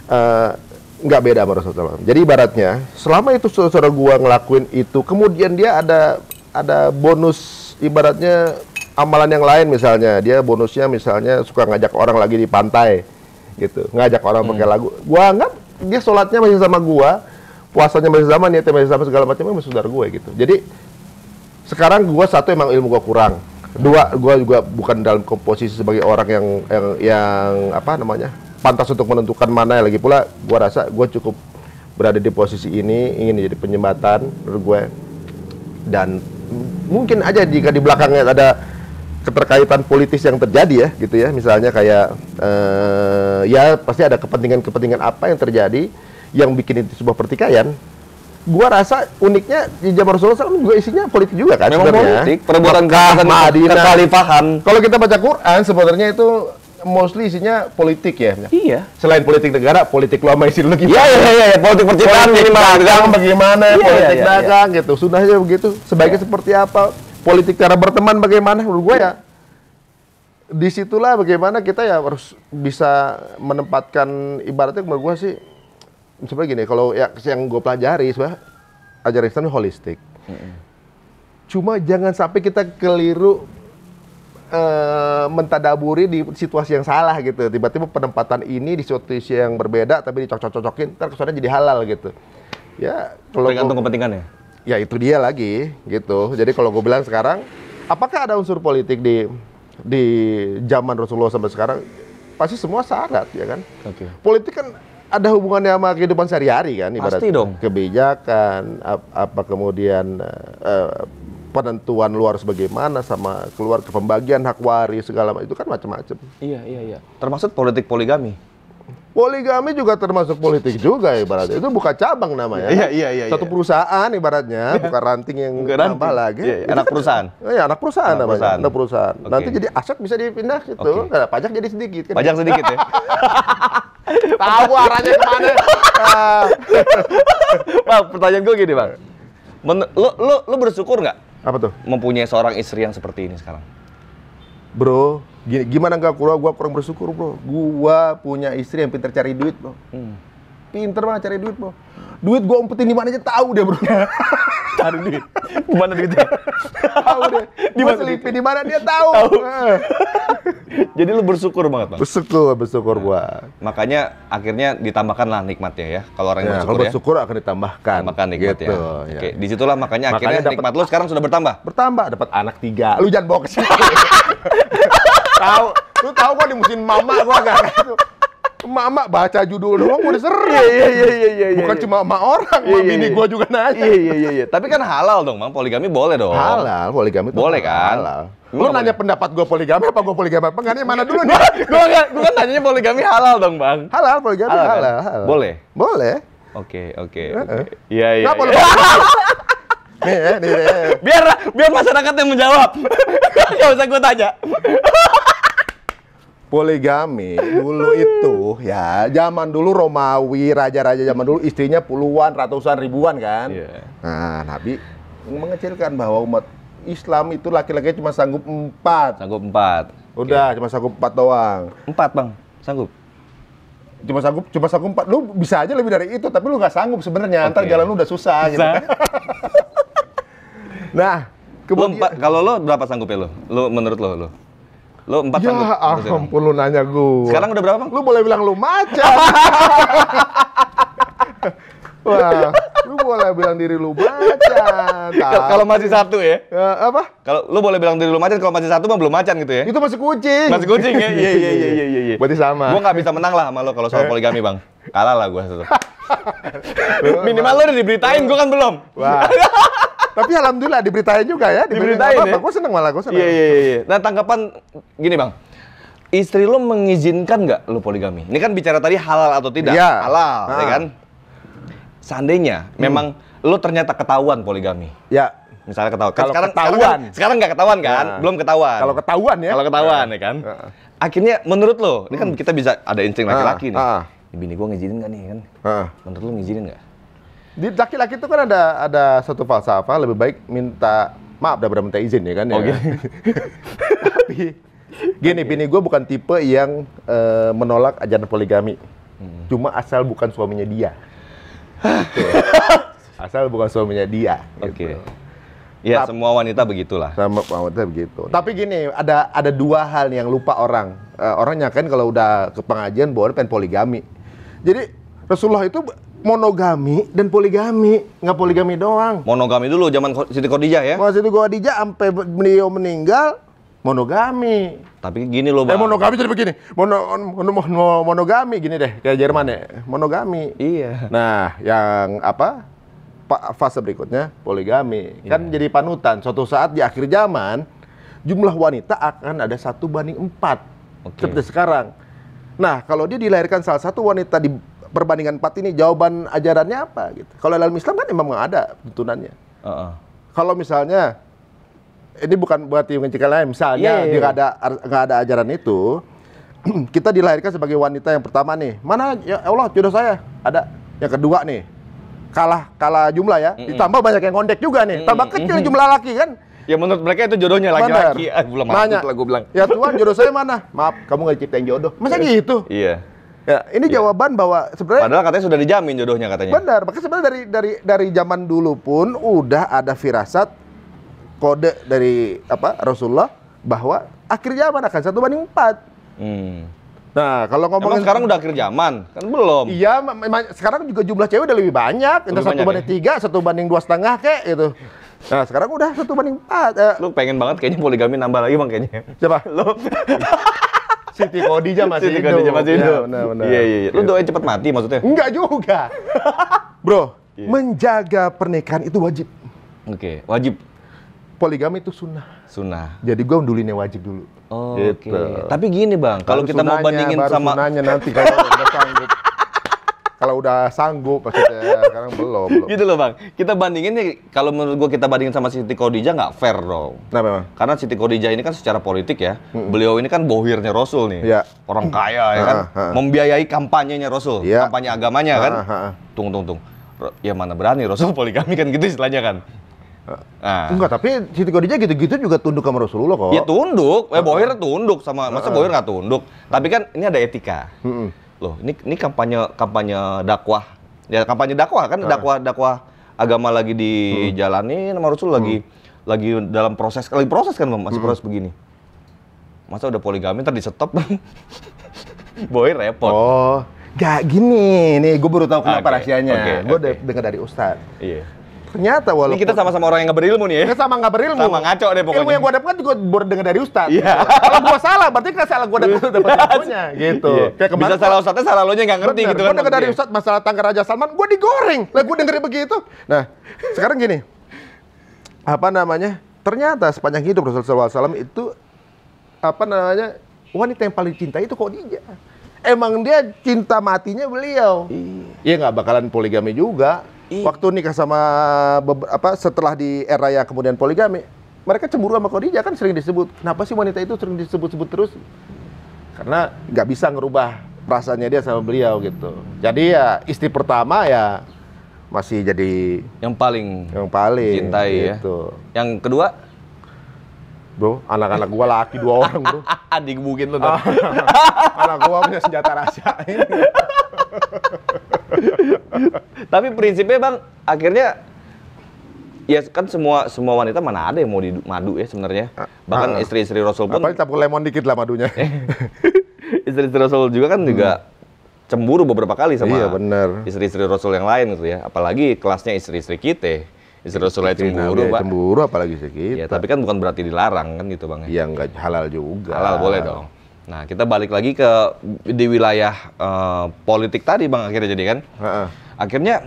uh, nggak beda sama Rasulullah SAW. Jadi ibaratnya selama itu saudara gua ngelakuin itu, kemudian dia ada ada bonus ibaratnya amalan yang lain misalnya dia bonusnya misalnya suka ngajak orang lagi di pantai gitu ngajak orang hmm. pakai lagu gua anggap dia sholatnya masih sama gua puasanya masih sama niatnya masih sama segala macamnya masih saudara gua gitu jadi sekarang gua satu emang ilmu gua kurang dua gua juga bukan dalam komposisi sebagai orang yang yang, yang apa namanya pantas untuk menentukan mana lagi pula gue rasa gue cukup berada di posisi ini ingin jadi penyembatan menurut gue dan mungkin aja jika di belakangnya ada keterkaitan politis yang terjadi ya gitu ya misalnya kayak eh, ya pasti ada kepentingan-kepentingan apa yang terjadi yang bikin itu sebuah pertikaian gua rasa uniknya di zaman solo SAW juga isinya politik juga kan Memang sebenarnya. politik, perbuatan kekalifahan. Kalau kita baca Quran sebenarnya itu mostly isinya politik ya? Iya. Selain politik negara, politik lama isi lu gimana? Iya, iya, iya, iya, politik percintaan, politik dagang bagaimana, iya, politik iya, iya, dagang iya. gitu. Sudah aja begitu. Sebaiknya iya. seperti apa? Politik cara berteman bagaimana? Menurut gue ya, iya. disitulah bagaimana kita ya harus bisa menempatkan ibaratnya menurut gue sih sebenarnya gini kalau ya yang gue pelajari sebenarnya ajaran Islam holistik mm -hmm. cuma jangan sampai kita keliru Eh, mentadaburi di situasi yang salah gitu. Tiba-tiba penempatan ini di situasi yang berbeda tapi dicocok-cocokin, terus kesannya jadi halal gitu. Ya, kalau tergantung kepentingannya. Ya itu dia lagi gitu. Jadi kalau gue bilang sekarang, apakah ada unsur politik di di zaman Rasulullah sampai sekarang? Pasti semua syarat ya kan. Okay. Politik kan ada hubungannya sama kehidupan sehari-hari kan ibarat Pasti dong. kebijakan ap apa kemudian uh, penentuan luar sebagaimana sama keluar ke pembagian hak waris segala macam itu kan macam-macam. Iya iya iya. Termasuk politik poligami. Poligami juga termasuk politik juga ibaratnya. Itu buka cabang namanya. Iya, iya, iya. Satu iya. perusahaan ibaratnya, iya. bukan ranting yang Enggak nambah lagi. Iya, iya. Anak kan, perusahaan. Iya, anak perusahaan anak namanya. Anak perusahaan. Okay. Nanti jadi aset bisa dipindah gitu. Okay. Nah, pajak jadi sedikit kan. Pajak sedikit ya. Tahu arahnya kemana. bang, pertanyaan gue gini, Bang. Men lu, lu, lu bersyukur nggak apa tuh? Mempunyai seorang istri yang seperti ini sekarang. Bro, gimana nggak kurang? Gua kurang bersyukur bro. Gua punya istri yang pintar cari duit bro. Hmm Pinter banget cari duit, bro. Duit gue umpetin di mana aja tahu deh, bro. cari duit. Di mana duitnya? tahu deh. Di mana selipin di mana dia tahu. Jadi lu bersyukur banget, Bang. Bersyukur, bersyukur nah, gua. Makanya akhirnya ditambahkan lah nikmatnya ya. Kalau orang nah, ya, bersyukur bersyukur ya, akan ditambahkan. Makanya nikmat gitu, ya. Oke, di situlah disitulah makanya, akhirnya dapet, nikmat lu sekarang sudah bertambah. Bertambah, dapat anak tiga. Lu jangan bawa ke tahu, lu tahu gua di mama gua gak Emak-emak baca judul doang udah seru Iya iya iya iya iya. Bukan iya. cuma emak orang, iya, mak iya, bini gua juga nanya. Iya iya iya iya. Tapi kan halal dong, Bang. Poligami boleh dong. Halal, poligami boleh kan? Halal. Lu nanya pendapat gua poligami apa gua poligami apa? Enggak, mana dulu nih? gue enggak gue kan nanyanya poligami halal dong, Bang. Halal, poligami halal. Kan? halal, Boleh? Boleh. Oke, oke. Iya, iya. Enggak boleh. Nih, nih, Biar biar masyarakat yang menjawab. Enggak usah gua tanya poligami dulu itu ya zaman dulu Romawi raja-raja zaman dulu istrinya puluhan ratusan ribuan kan yeah. nah Nabi mengecilkan bahwa umat Islam itu laki-laki cuma sanggup empat sanggup empat udah okay. Iya. cuma sanggup empat doang empat bang sanggup cuma sanggup cuma sanggup empat lu bisa aja lebih dari itu tapi lu nggak sanggup sebenarnya okay. ntar jalan lu udah susah gitu bisa. gitu nah kemudian... lu empat, kalau lo berapa sanggup ya lo lo menurut lo lo Lu empat ya, kan? Ya ampun lu nanya gue. Sekarang udah berapa bang? Lu boleh bilang lu macan. Wah, lu boleh bilang diri lu macan. Kalau masih satu ya? ya apa? Kalau lu boleh bilang diri lu macan, kalau masih satu mah belum macan gitu ya? Itu masih kucing. Masih kucing ya? Iya iya iya iya iya. Berarti sama. Gua nggak bisa menang lah sama lu kalau soal eh. poligami bang. Kalah lah gua Minimal lu udah diberitain, gua kan belum. Wah. Tapi alhamdulillah diberitain juga ya. Diberitain, diberitain ya? Gue seneng malah, gue seneng. Iya, iya, iya. iya. Nah tanggapan gini bang, istri lo mengizinkan nggak lo poligami? Ini kan bicara tadi halal atau tidak. Iya. Halal, ya ah. kan? Seandainya hmm. memang lo ternyata ketahuan poligami. Iya. Misalnya ketahuan. Kalau sekarang ketahuan. Sekarang, kan- gak nggak ketahuan kan? Nah. Belum ketahuan. Kalau ketahuan ya. Kalau ketahuan nah. ya kan. Akhirnya menurut lo, ini kan hmm. kita bisa ada insting laki-laki ah, nih. Ah. Bini gue ngizinin nggak nih kan? Menurut lo ngizinin gak? di laki-laki itu kan ada ada satu falsafah lebih baik minta maaf daripada minta izin ya kan ya. Okay. Tapi gini, okay. gue bukan tipe yang uh, menolak ajaran poligami. Hmm. Cuma asal bukan suaminya dia. gitu. asal bukan suaminya dia. Oke. Okay. Gitu. Ya, semua wanita begitulah. Sama wanita begitu. Ya. Tapi gini, ada ada dua hal yang lupa orang. Uh, eh, orang nyakain kalau udah ke pengajian boleh pengen poligami. Jadi Rasulullah itu monogami dan poligami nggak poligami doang monogami dulu zaman Siti Khadijah ya Mas Siti Khadijah sampai beliau meninggal monogami tapi gini loh eh, bang eh, monogami jadi begini mono, mono, mono, monogami gini deh kayak Jerman ya monogami iya nah yang apa fase berikutnya poligami kan iya. kan jadi panutan suatu saat di akhir zaman jumlah wanita akan ada satu banding empat okay. seperti sekarang nah kalau dia dilahirkan salah satu wanita di perbandingan empat ini jawaban ajarannya apa gitu. Kalau dalam Islam kan memang ada tuntunannya. Uh -uh. Kalau misalnya ini bukan buat mengecilkan lain, misalnya yeah, yeah, yeah. dia ada nggak ada ajaran itu, kita dilahirkan sebagai wanita yang pertama nih. Mana ya Allah jodoh saya? Ada. Yang kedua nih. Kalah kalah jumlah ya. Mm -mm. Ditambah banyak yang kondek juga nih. Mm -mm. Tambah kecil jumlah laki kan. Ya menurut mereka itu jodohnya laki-laki. Ah, belum Nanya, lah gue bilang. Ya Tuhan jodoh saya mana? Maaf, kamu nggak ciptain jodoh. Masa iya. gitu? Iya. Ya, ini ya. jawaban bahwa sebenarnya Padahal katanya sudah dijamin jodohnya katanya. Benar, makanya sebenarnya dari dari dari zaman dulu pun udah ada firasat kode dari apa Rasulullah bahwa akhir zaman akan satu banding empat. Hmm. Nah, kalau ngomongin sekarang udah akhir zaman, kan belum. Iya, sekarang juga jumlah cewek udah lebih banyak. Entah satu banding ya? tiga, satu banding dua setengah kayak gitu. Nah, sekarang udah satu banding empat. Eh. Lu pengen banget kayaknya poligami nambah lagi bang kayaknya. Siapa? Lu. Siti Kodijah masih hidup. Siti masih hidup. Ya, benar, benar. Iya, iya, iya. Lu doain cepet mati maksudnya? Enggak juga. Bro, yeah. menjaga pernikahan itu wajib. Oke, okay, wajib. Poligami itu sunnah. Sunnah. Jadi gua undulinnya wajib dulu. Oh, gitu. Oke. Okay. Tapi gini, Bang, kalau kita sunanya, mau bandingin sama nanti kalau udah sanggup kalau udah sanggup maksudnya sekarang belum, belum. Gitu loh bang. Kita bandingin nih kalau menurut gua kita bandingin sama Siti Khadijah nggak fair dong. Nah memang. Karena Siti Khadijah ini kan secara politik ya, hmm beliau ini kan bohirnya Rasul nih. Ya. Orang kaya ya ah, kan, ah, ah. membiayai kampanyenya Rasul, ya. kampanye agamanya kan. Tung tung tung. Ya mana berani Rasul poligami kan gitu istilahnya kan. Nah. Enggak, tapi Siti Khadijah gitu-gitu juga tunduk sama Rasulullah kok. Ya tunduk, eh, Bohir tunduk sama, masa Bohir nggak tunduk? Tapi kan ini ada etika. Uh -uh loh ini ini kampanye kampanye dakwah ya kampanye dakwah kan dakwah dakwah agama lagi dijalani hmm. Rasul lagi hmm. lagi dalam proses lagi proses kan masih hmm. proses begini masa udah poligami ntar di stop boy repot oh gak gini nih gue baru tahu kenapa okay. rahasianya okay. gue okay. dengar dari Ustad yeah. Ternyata walaupun Ini kita sama-sama orang yang nggak berilmu nih ya. Kita sama nggak berilmu. Sama ngaco deh pokoknya. Ilmu yang gue dapat juga baru dengar dari Ustad Yeah. Kalau gue salah berarti kan salah gue dapat dapat iya. ilmunya gitu. Yeah. Kayak kemarin Bisa salah ustaznya salah lo nya nggak ngerti bener. gitu kan. Gue dengar dari Ustad masalah tangga Raja Salman, gue digoreng. Lah gue dengerin begitu. Nah, sekarang gini. Apa namanya? Ternyata sepanjang hidup Rasulullah SAW itu apa namanya? Wanita yang paling cinta itu kok dia emang dia cinta matinya beliau. Iya, iya nggak bakalan poligami juga. Iya. Waktu nikah sama apa setelah di era yang kemudian poligami, mereka cemburu sama Khadijah kan sering disebut. Kenapa sih wanita itu sering disebut-sebut terus? Karena nggak bisa ngerubah perasaannya dia sama beliau gitu. Jadi ya istri pertama ya masih jadi yang paling yang paling cintai ya. gitu. ya. Yang kedua Bro, anak-anak gua laki dua orang, Bro. Adik mungkin lu. anak gua punya senjata rahasia. Tapi prinsipnya bang, akhirnya ya kan semua semua wanita mana ada yang mau di madu ya sebenarnya. Ah, Bahkan ah, istri-istri Rasul pun. Apalagi campur lemon dikit lah madunya. istri-istri Rasul juga kan juga hmm. cemburu beberapa kali sama iya, bener. istri-istri Rasul yang lain gitu ya. Apalagi kelasnya istri-istri kita. Istri Rasul lain iya, cemburu, iya, Pak. Cemburu apalagi sih Ya, tapi kan bukan berarti dilarang kan gitu, Bang. Ya enggak iya, halal juga. Halal boleh dong. Nah, kita balik lagi ke di wilayah uh, politik tadi Bang akhirnya jadi kan. Uh -uh. Akhirnya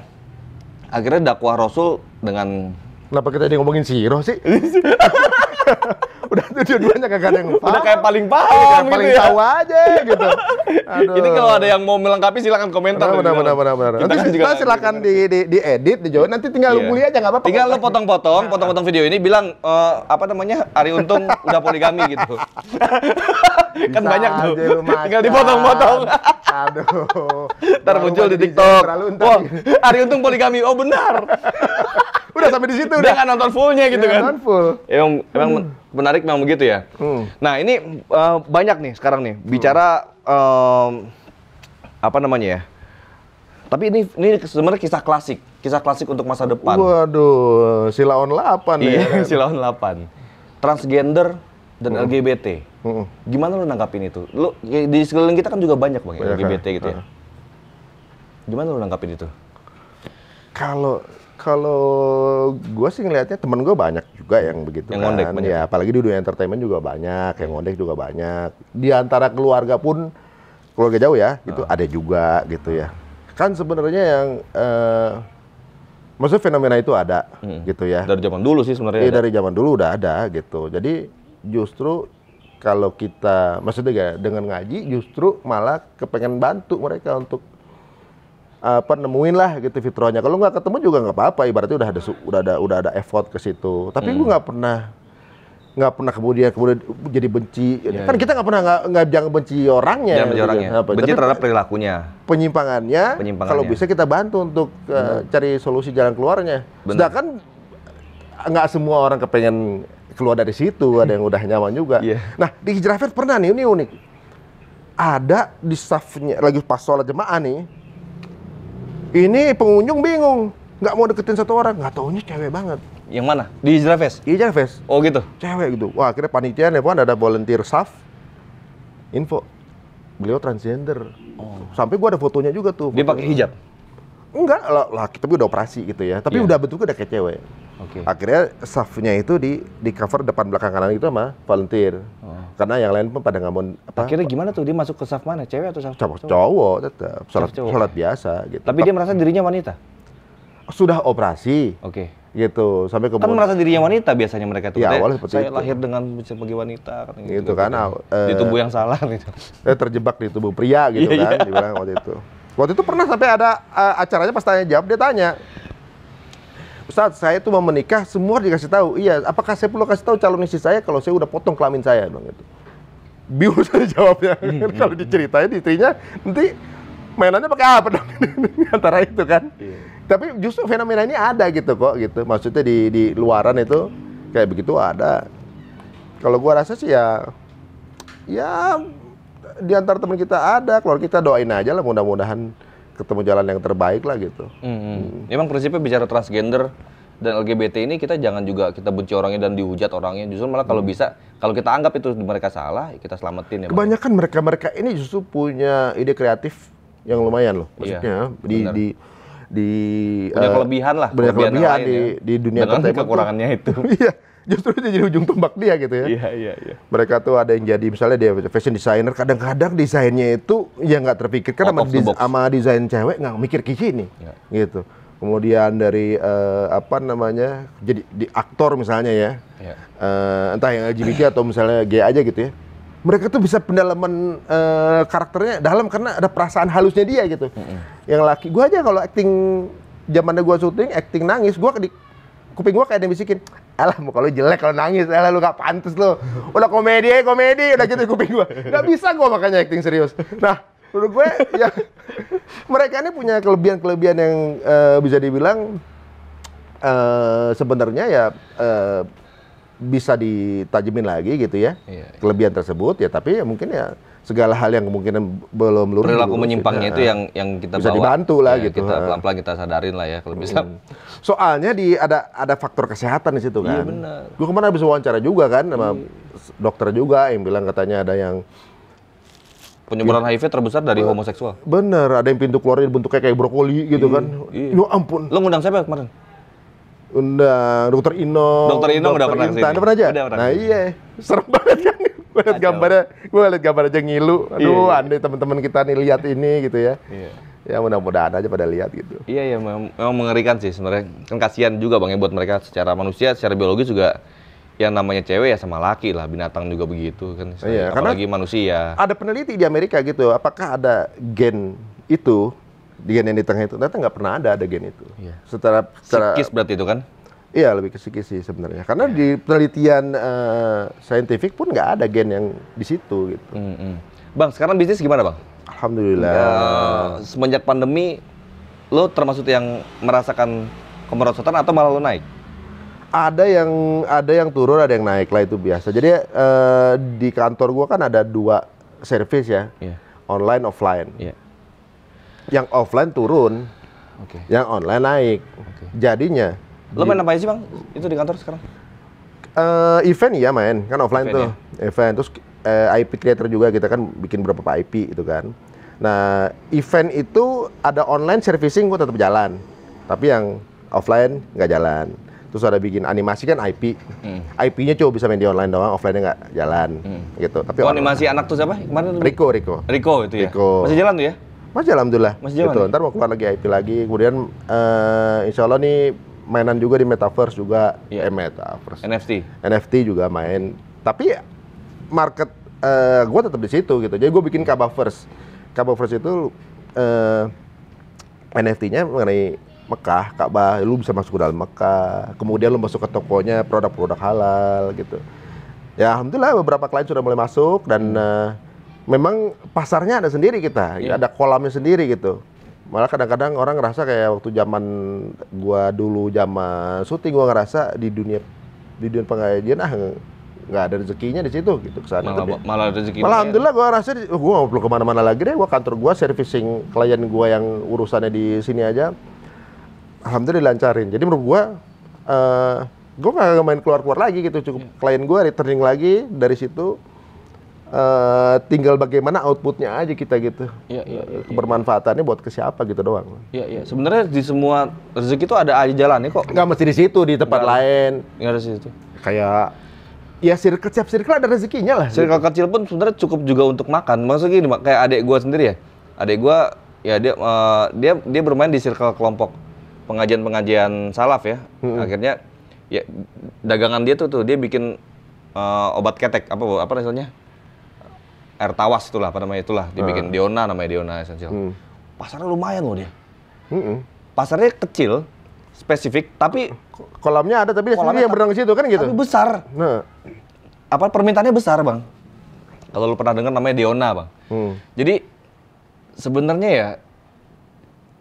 akhirnya dakwah Rasul dengan Kenapa kita jadi ngomongin Siro sih? udah tuh dua-duanya kagak ada yang paham. Udah kayak paling paham iya, kayak gitu paling ya. tahu aja gitu. Aduh. Ini kalau ada yang mau melengkapi silakan komentar. Benar benar benar benar. Nanti kita, kita silakan di, di, di edit di join Nanti tinggal yeah. lu aja nggak apa-apa. Tinggal lu potong-potong, nah. potong-potong video ini bilang uh, apa namanya? Ari Untung udah poligami gitu. kan banyak tuh. Tinggal dipotong-potong. Aduh. Ntar muncul di TikTok. Wah, Ari Untung poligami. Oh benar udah sampai di situ udah. Dia nggak nonton fullnya gitu kan. Nonton full. Emang emang hmm. menarik memang begitu ya. Hmm. Nah ini eh, banyak nih sekarang nih hmm. bicara eh, apa namanya ya. Tapi ini ini sebenarnya kisah klasik, kisah klasik untuk masa depan. Waduh, on 8 ya. sila on ya. iya, silaon 8. Transgender dan LGBT. Hmm. Gimana lu nanggapin itu? Lo di sekeliling kita kan juga banyak banget ya, LGBT ya. gitu ya. Gimana lu nanggapin itu? Kalau kalau gue sih ngelihatnya temen gue banyak juga yang begitu yang kan. Ya, apalagi di dunia entertainment juga banyak, yang ngondek juga banyak. Di antara keluarga pun keluarga jauh ya, itu oh. ada juga gitu ya. Kan sebenarnya yang uh, maksudnya fenomena itu ada hmm. gitu ya. Dari zaman dulu sih sebenarnya. Iya, dari zaman dulu udah ada gitu. Jadi justru kalau kita maksudnya gak, dengan ngaji justru malah kepengen bantu mereka untuk apa eh, nemuin lah gitu fitronya kalau nggak ketemu juga nggak apa-apa ibaratnya udah ada udah ada udah ada effort ke situ tapi hmm. gue nggak pernah nggak pernah kemudian kemudian jadi benci ya, kan kita nggak pernah nggak nggak jangan benci orangnya jangan benci gitu kan. orangnya apa. benci terhadap perilakunya penyimpangannya, penyimpangannya kalau bisa kita bantu untuk uh, cari solusi jalan keluarnya Bener. sedangkan nggak semua orang kepengen keluar dari situ ada yang udah nyaman juga yeah. nah di hijrah pernah nih ini unik ada di staffnya lagi pas sholat jemaah nih ini pengunjung bingung, nggak mau deketin satu orang, nggak taunya cewek banget. Yang mana? Di Hijrah Di Hijrah Oh gitu? Cewek gitu. Wah akhirnya panitia pun ada volunteer staff. Info, beliau transgender. Oh. Sampai gua ada fotonya juga tuh. Dia pakai hijab? enggak lah, lah kita udah operasi gitu ya tapi yeah. udah bentuknya udah kayak cewek okay. akhirnya staffnya itu di di cover depan belakang kanan itu sama volunteer oh. karena yang lain pun pada nggak mau apa akhirnya gimana tuh dia masuk ke staff mana cewek atau staff cowok cowok tetap sholat cowok. sholat biasa gitu tapi dia merasa dirinya wanita sudah operasi oke okay gitu sampai kan kemudian kan merasa dirinya wanita biasanya mereka tuh ya, awalnya seperti saya itu. lahir dengan sebagai wanita kan gitu, gitu kan gitu. Uh, di tubuh yang salah gitu eh, terjebak di tubuh pria gitu iya, iya. kan dibilang waktu itu Waktu itu pernah sampai ada uh, acaranya pas tanya jawab dia tanya. Ustaz, saya itu mau menikah, semua dikasih tahu. Iya, apakah saya perlu kasih tahu calon istri saya kalau saya udah potong kelamin saya? bang itu bius saya jawabnya. Hmm, hmm kan kalau hmm. diceritain istrinya, nanti mainannya pakai apa dong? Antara itu kan. Yeah. Tapi justru fenomena ini ada gitu kok, gitu. Maksudnya di, di luaran itu kayak begitu ada. Kalau gua rasa sih ya, ya di antara teman kita ada, keluar kita doain aja lah mudah-mudahan ketemu jalan yang terbaik lah gitu. Hmm. Hmm. Emang prinsipnya bicara transgender dan LGBT ini kita jangan juga kita benci orangnya dan dihujat orangnya justru malah kalau hmm. bisa kalau kita anggap itu mereka salah kita selamatin ya kebanyakan mereka mereka ini justru punya ide kreatif yang lumayan loh iya, maksudnya iya, di, di di punya uh, kelebihan lah punya kelebihan, kelebihan di, ya. di dunia dengan kekurangannya itu iya justru itu jadi ujung tombak dia gitu ya. Iya, iya, iya. Mereka tuh ada yang jadi misalnya dia fashion designer, kadang-kadang desainnya itu ya nggak terpikirkan sama, des sama desain cewek nggak mikir ke sini. Yeah. Gitu. Kemudian dari uh, apa namanya? jadi di aktor misalnya ya. Yeah. Ya. Uh, entah yang LGBT atau misalnya gay aja gitu ya. Mereka tuh bisa pendalaman uh, karakternya dalam karena ada perasaan halusnya dia gitu. Mm -hmm. Yang laki, gua aja kalau acting zamannya gua syuting, acting nangis, gua di kuping gua kayak ada yang bisikin, Alah muka lu jelek kalau nangis, alah lu gak pantas lu. Udah komedi, eh, komedi, udah gitu kuping gua. Gak bisa gua makanya acting serius. Nah, menurut gue ya mereka ini punya kelebihan-kelebihan yang uh, bisa dibilang uh, sebenarnya ya uh, bisa ditajemin lagi gitu ya. Iya, iya. Kelebihan tersebut ya tapi ya mungkin ya segala hal yang kemungkinan belum lurus. Perilaku menyimpangnya itu iya. yang yang kita bisa bawa, dibantu lah ya, gitu. Kita pelan-pelan kita sadarin lah ya kalau bisa. Hmm. Soalnya di ada ada faktor kesehatan di situ iya, kan. Iya benar. Gue kemarin habis wawancara juga kan sama hmm. dokter juga yang bilang katanya ada yang penyebaran HIV terbesar dari homoseksual. Bener, ada yang pintu keluarnya bentuknya kayak brokoli gitu hmm, kan. Iya. Ya ampun. Lo ngundang siapa kemarin? Undang dokter Ino. Dokter Ino udah pernah sih. Udah pernah aja? Udah pernah. Nah iya, serem banget kan gue liat gambarnya, gue liat gambar aja ngilu. Aduh, iya, iya. andai teman-teman kita nih lihat ini gitu ya. Iya. Ya mudah-mudahan aja pada lihat gitu. Iya, iya memang mengerikan sih sebenarnya. Kan kasihan juga Bang ya buat mereka secara manusia, secara biologis juga yang namanya cewek ya sama laki lah binatang juga begitu kan iya, apalagi manusia ada peneliti di Amerika gitu apakah ada gen itu di gen yang di tengah itu ternyata nggak pernah ada ada gen itu iya. secara secara Sikis berarti itu kan Iya lebih psikis sih sebenarnya karena yeah. di penelitian uh, saintifik pun nggak ada gen yang di situ gitu. Mm -hmm. Bang sekarang bisnis gimana bang? Alhamdulillah. Ya, semenjak pandemi lo termasuk yang merasakan kemerosotan atau malah lo naik? Ada yang ada yang turun ada yang naik lah itu biasa. Jadi uh, di kantor gua kan ada dua service ya, yeah. online offline. Yeah. Yang offline turun, okay. yang online naik. Okay. Jadinya Lo main apa aja sih bang? Itu di kantor sekarang? Uh, event ya main, kan offline event tuh. Ya? Event, terus uh, eh, IP creator juga kita kan bikin beberapa IP itu kan. Nah, event itu ada online servicing gue tetap jalan, tapi yang offline nggak jalan. Terus ada bikin animasi kan IP, hmm. IP-nya coba bisa main di online doang, offline-nya nggak jalan hmm. gitu. Tapi oh, animasi anak tuh siapa? Kemarin Riko Riko Rico itu ya. Rico. Masih jalan tuh ya? Masih alhamdulillah. Masih jalan. Gitu. Ya? Ntar mau keluar lagi IP lagi, kemudian uh, insya Allah nih mainan juga di metaverse juga yeah. eh metaverse NFT NFT juga main tapi market uh, eh, gue tetap di situ gitu jadi gue bikin first Kabaverse first itu uh, eh, NFT-nya mengenai Mekah Ka'bah lu bisa masuk ke dalam Mekah kemudian lu masuk ke tokonya produk-produk halal gitu ya alhamdulillah beberapa klien sudah mulai masuk dan uh, memang pasarnya ada sendiri kita yeah. ada kolamnya sendiri gitu malah kadang-kadang orang ngerasa kayak waktu zaman gua dulu zaman syuting gua ngerasa di dunia di dunia pengajian ah nggak ada rezekinya di situ gitu kesana malah, Tapi, malah rezeki malah alhamdulillah gua ngerasa oh, gua nggak perlu kemana-mana lagi deh gua kantor gua servicing klien gua yang urusannya di sini aja alhamdulillah dilancarin, jadi menurut gua uh, gua nggak main keluar-keluar lagi gitu cukup yeah. klien gua returning lagi dari situ uh, tinggal bagaimana outputnya aja kita gitu. Iya, iya, iya, iya, Kebermanfaatannya buat ke siapa gitu doang. Iya, iya. Sebenarnya di semua rezeki itu ada aja jalannya kok. Nggak mesti di situ, di tempat Nggak, lain. Nggak ada situ. Kayak ya circle siap circle ada rezekinya lah. Circle gitu. kecil pun sebenarnya cukup juga untuk makan. Maksudnya gini, kayak adik gua sendiri ya. Adik gua ya dia uh, dia dia bermain di circle kelompok pengajian-pengajian salaf ya. Hmm. Akhirnya ya dagangan dia tuh tuh dia bikin uh, obat ketek apa apa misalnya air tawas itulah apa namanya itulah dibikin hmm. Ah. Diona namanya Diona esensial. Hmm. Pasarnya lumayan loh dia. Hmm. Pasarnya kecil, spesifik, tapi kolamnya ada tapi kolamnya yang berenang di situ kan gitu. Tapi besar. Nah. Apa permintaannya besar, Bang? Kalau lu pernah dengar namanya Diona, Bang. Hmm. Jadi sebenarnya ya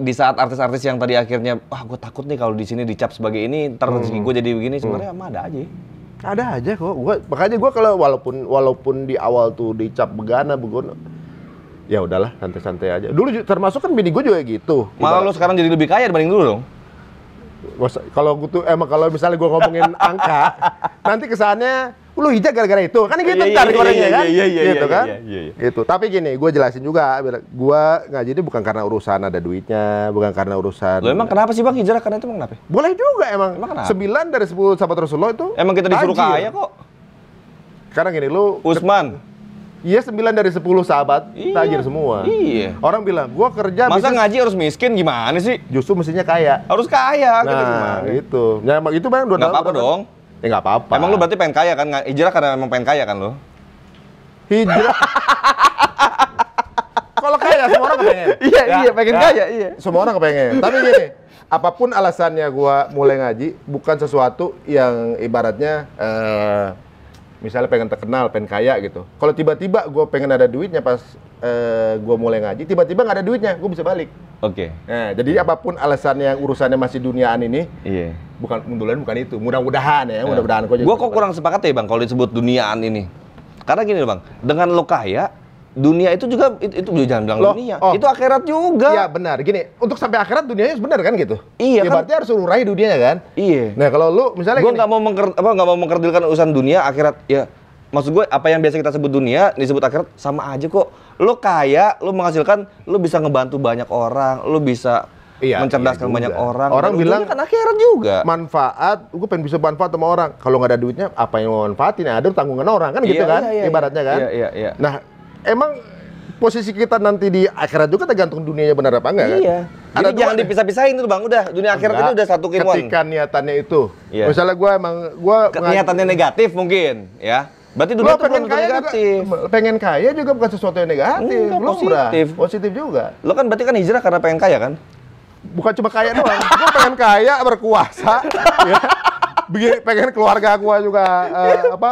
di saat artis-artis yang tadi akhirnya wah gue takut nih kalau di sini dicap sebagai ini ntar hmm. gue jadi begini hmm. sebenarnya hmm. emang ada aja ada aja kok gua makanya gue kalau walaupun walaupun di awal tuh dicap begana begon ya udahlah santai-santai aja dulu termasuk kan bini gue juga gitu malah lo sekarang jadi lebih kaya dibanding dulu dong kalau gue tuh emang kalau misalnya gue ngomongin angka nanti kesannya lu hijab gara-gara itu kan, iya, iya, iya, ya kan? gitu ntar orangnya kan gitu kan itu tapi gini gue jelasin juga gue ngaji ini bukan karena urusan ada duitnya bukan karena urusan lo emang kenapa sih bang hijrah karena itu emang kenapa boleh juga emang, emang dari sepuluh sahabat Rasulullah itu emang kita disuruh kaya kok karena gini lu Usman Iya sembilan dari sepuluh sahabat iya, tajir semua. Iya. Orang bilang, gua kerja Masa bisa... ngaji harus miskin gimana sih? Justru mestinya kaya. Harus kaya. Nah, gitu. Nah, itu. Ya, itu bang dua Gak apa-apa dong. Ya nggak apa-apa. Emang lu berarti pengen kaya kan? Hijrah karena emang pengen kaya kan lu? Hijrah. Kalau kaya semua orang pengen. Iya, ya, iya pengen ya. kaya, iya. Semua orang kepengen. Tapi gini, apapun alasannya gua mulai ngaji bukan sesuatu yang ibaratnya eh uh, misalnya pengen terkenal, pengen kaya gitu. Kalau tiba-tiba gue pengen ada duitnya pas uh, eh, gue mulai ngaji, tiba-tiba nggak ada duitnya, gue bisa balik. Oke. Okay. Nah, jadi apapun alasannya urusannya masih duniaan ini, iya. bukan mundulan bukan itu. Mudah-mudahan ya, mudah-mudahan. Gue kok kurang sepakat ya bang kalau disebut duniaan ini. Karena gini bang, dengan lo kaya, dunia itu juga itu, itu jangan bilang Loh, dunia. Oh. Itu akhirat juga. ya benar. Gini, untuk sampai akhirat dunianya benar kan gitu. Iya, ya, kan? berarti harus urai dunianya kan? Iya. Nah, kalau lu misalnya gue nggak mau mengker, apa nggak mau mengkerdilkan urusan dunia akhirat ya. Maksud gue apa yang biasa kita sebut dunia disebut akhirat sama aja kok. Lu kaya, lu menghasilkan, lu bisa ngebantu banyak orang, lu bisa Iya, mencerdaskan iya banyak orang. Orang bilang kan akhirat juga. Manfaat, gue pengen bisa manfaat sama orang. Kalau nggak ada duitnya, apa yang mau manfaatin? Ada tanggungan orang kan gitu iya, gitu kan, iya, iya, iya, ibaratnya kan. Iya, iya, iya. Nah, emang posisi kita nanti di akhirat juga tergantung dunianya benar apa enggak kan? iya. kan? Jadi jangan dipisah-pisahin itu Bang, udah dunia akhirat itu udah satu ketika one. niatannya itu. Yeah. Misalnya gue emang gue niatannya negatif mungkin, ya. Berarti dunia lo itu pengen kaya negatif. Juga, pengen kaya juga bukan sesuatu yang negatif. Enggak, positif. Positif juga. Lo kan berarti kan hijrah karena pengen kaya kan? Bukan cuma kaya doang. Gue pengen kaya, berkuasa. ya begini pengen keluarga gua juga uh, apa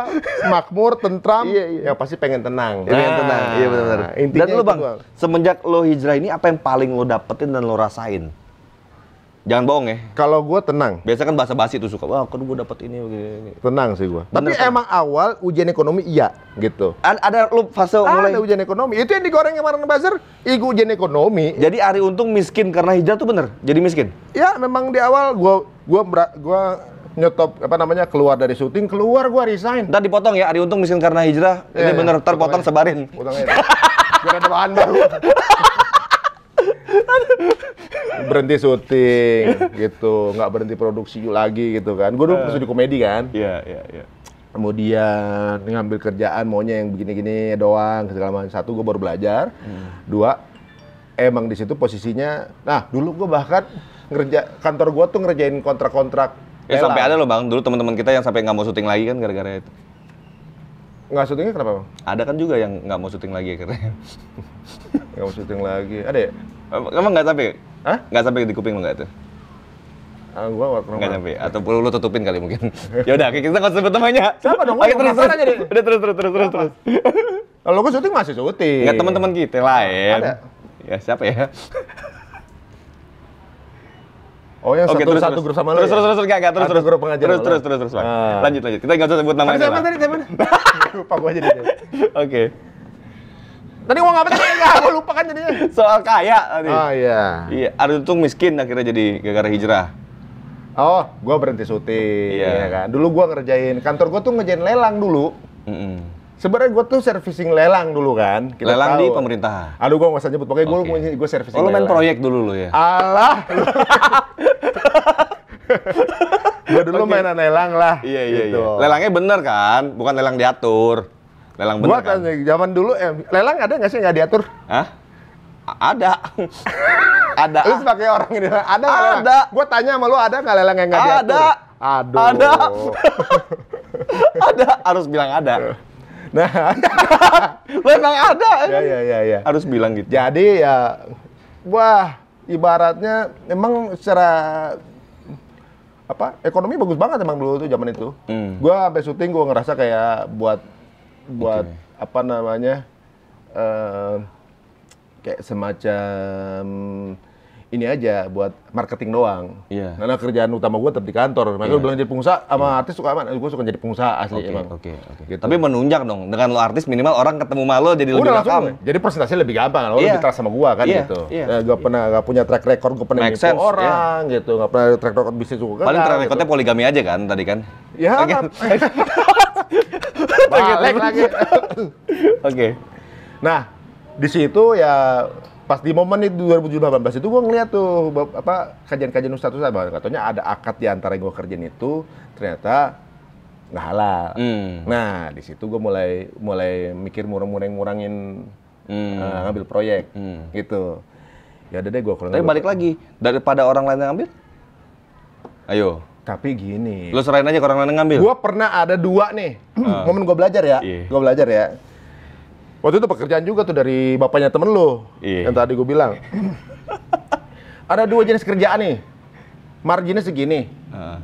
makmur, tentram, iya, iya. ya pasti pengen tenang. Iya, nah, pengen tenang. Iya benar. Nah, dan lu Bang, semenjak lo hijrah ini apa yang paling lo dapetin dan lo rasain? Jangan bohong ya. Kalau gue tenang. Biasa kan bahasa basi tuh suka, wah aku gue dapet ini, begini. Tenang sih gue. Tapi emang awal ujian ekonomi iya gitu. A ada lu fase ah, mulai. Ada ujian ekonomi. Itu yang digoreng kemarin bazar, igu ujian ekonomi. Jadi hari Untung miskin karena hijrah tuh bener? Jadi miskin? Ya memang di awal gue gua gua, gua nyetop apa namanya keluar dari syuting keluar gua resign dan dipotong ya Ari Untung miskin karena hijrah yeah, ini yeah, bener terpotong sebarin biar ada bahan baru berhenti syuting gitu nggak berhenti produksi lagi gitu kan gua dulu uh, eh. di komedi kan iya iya iya kemudian ngambil kerjaan maunya yang begini-gini doang segala macam satu gue baru belajar hmm. dua emang di situ posisinya nah dulu gue bahkan ngerja kantor gue tuh ngerjain kontrak-kontrak Ya sampai ada loh bang, dulu teman-teman kita yang sampai nggak mau syuting lagi kan gara-gara itu. Nggak syutingnya kenapa bang? Ada kan juga yang nggak mau syuting lagi akhirnya. nggak mau syuting lagi, ada ya? Emang nggak sampai? Hah? Nggak sampai di kuping lo nggak tuh? Ah, gua gak pernah. Gak nyampe. Atau perlu lu tutupin kali mungkin. ya udah, kita nggak sebut namanya. Siapa dong? Oke, terus terus. Aja deh. terus terus terus terus terus. Kalau gua syuting masih syuting. Enggak teman-teman kita lain. Ada. Ya siapa ya? Oh yang Oke, satu, terus, satu terus. grup sama terus, Terus, ya? terus, terus, enggak, terus, terus. grup pengajian Terus, terus, terus, terus, ah. Lanjut, lanjut. Kita nggak usah sebut namanya. Siapa tadi, siapa? Lupa gua jadi. Oke. Tadi gua apa tadi? Enggak, gua lupa kan jadinya. Soal kaya tadi. Oh iya. Iya, ada untung miskin akhirnya jadi gara-gara hijrah. Oh, gua berhenti syuting, iya. ya kan. Dulu gua ngerjain, kantor gua tuh ngerjain lelang dulu. Mm Sebenarnya gue tuh servicing lelang dulu kan. Kita lelang tahu. di pemerintahan. Aduh gue nggak usah nyebut. Pokoknya gue okay. gue servicing. Oh, lo main proyek dulu lo ya. Allah. gue dulu okay. mainan lelang lah. Iya iya gitu. iya. Lelangnya bener kan, bukan lelang diatur. Lelang bener gua kan. zaman dulu eh, lelang ada nggak sih nggak diatur? Hah? ada. ada. Lu sebagai orang ini ada. Ada. ada. Gue tanya sama lu ada nggak lelang yang nggak diatur? Ada. Aduh. Ada. ada. Harus bilang ada. Nah, memang ada. Ya, ya, ya, ya. Harus bilang gitu. Jadi ya, wah, ibaratnya memang secara apa ekonomi bagus banget emang dulu tuh zaman itu. Hmm. Gua sampai syuting gua ngerasa kayak buat buat okay. apa namanya uh, kayak semacam ini aja buat marketing doang. Iya. Yeah. Karena kerjaan utama gue tetap di kantor. Makanya yeah. gue iya. bilang jadi pengusaha sama yeah. artis suka amat. Gue suka jadi pengusaha asli okay, emang. Oke, oke. Gitu. Tapi menunjang dong. Dengan lo artis minimal orang ketemu sama lo jadi Udah lebih langsung. Rakam. Jadi presentasi lebih gampang. Lo yeah. lebih terasa sama gue kan yeah. gitu. Yeah. Iya. Nah, gue yeah. pernah gak punya track record. Gue pernah Make iya. orang yeah. gitu. Gak pernah track record bisnis gue. Paling track recordnya gitu. poligami aja kan tadi kan? Ya. Yeah. Oke. Nah, di situ ya pas di momen itu 2018 itu gue ngeliat tuh apa kajian-kajian ustadz ustadz bahwa katanya ada akad di antara yang gue kerjain itu ternyata nggak halal. Hmm. Nah di situ gue mulai mulai mikir murang-murang-murangin hmm. uh, ngambil proyek hmm. gitu. Ya ada deh gue kalau. Tapi balik lagi daripada orang lain yang ngambil. Ayo. Tapi gini. Lo serain aja ke orang lain yang ngambil. Gue pernah ada dua nih uh. momen gue belajar ya. Yeah. Gue belajar ya Waktu itu pekerjaan juga tuh dari bapaknya temen lu iya. yang tadi gue bilang. Ada dua jenis kerjaan nih. Marginnya segini. Uh.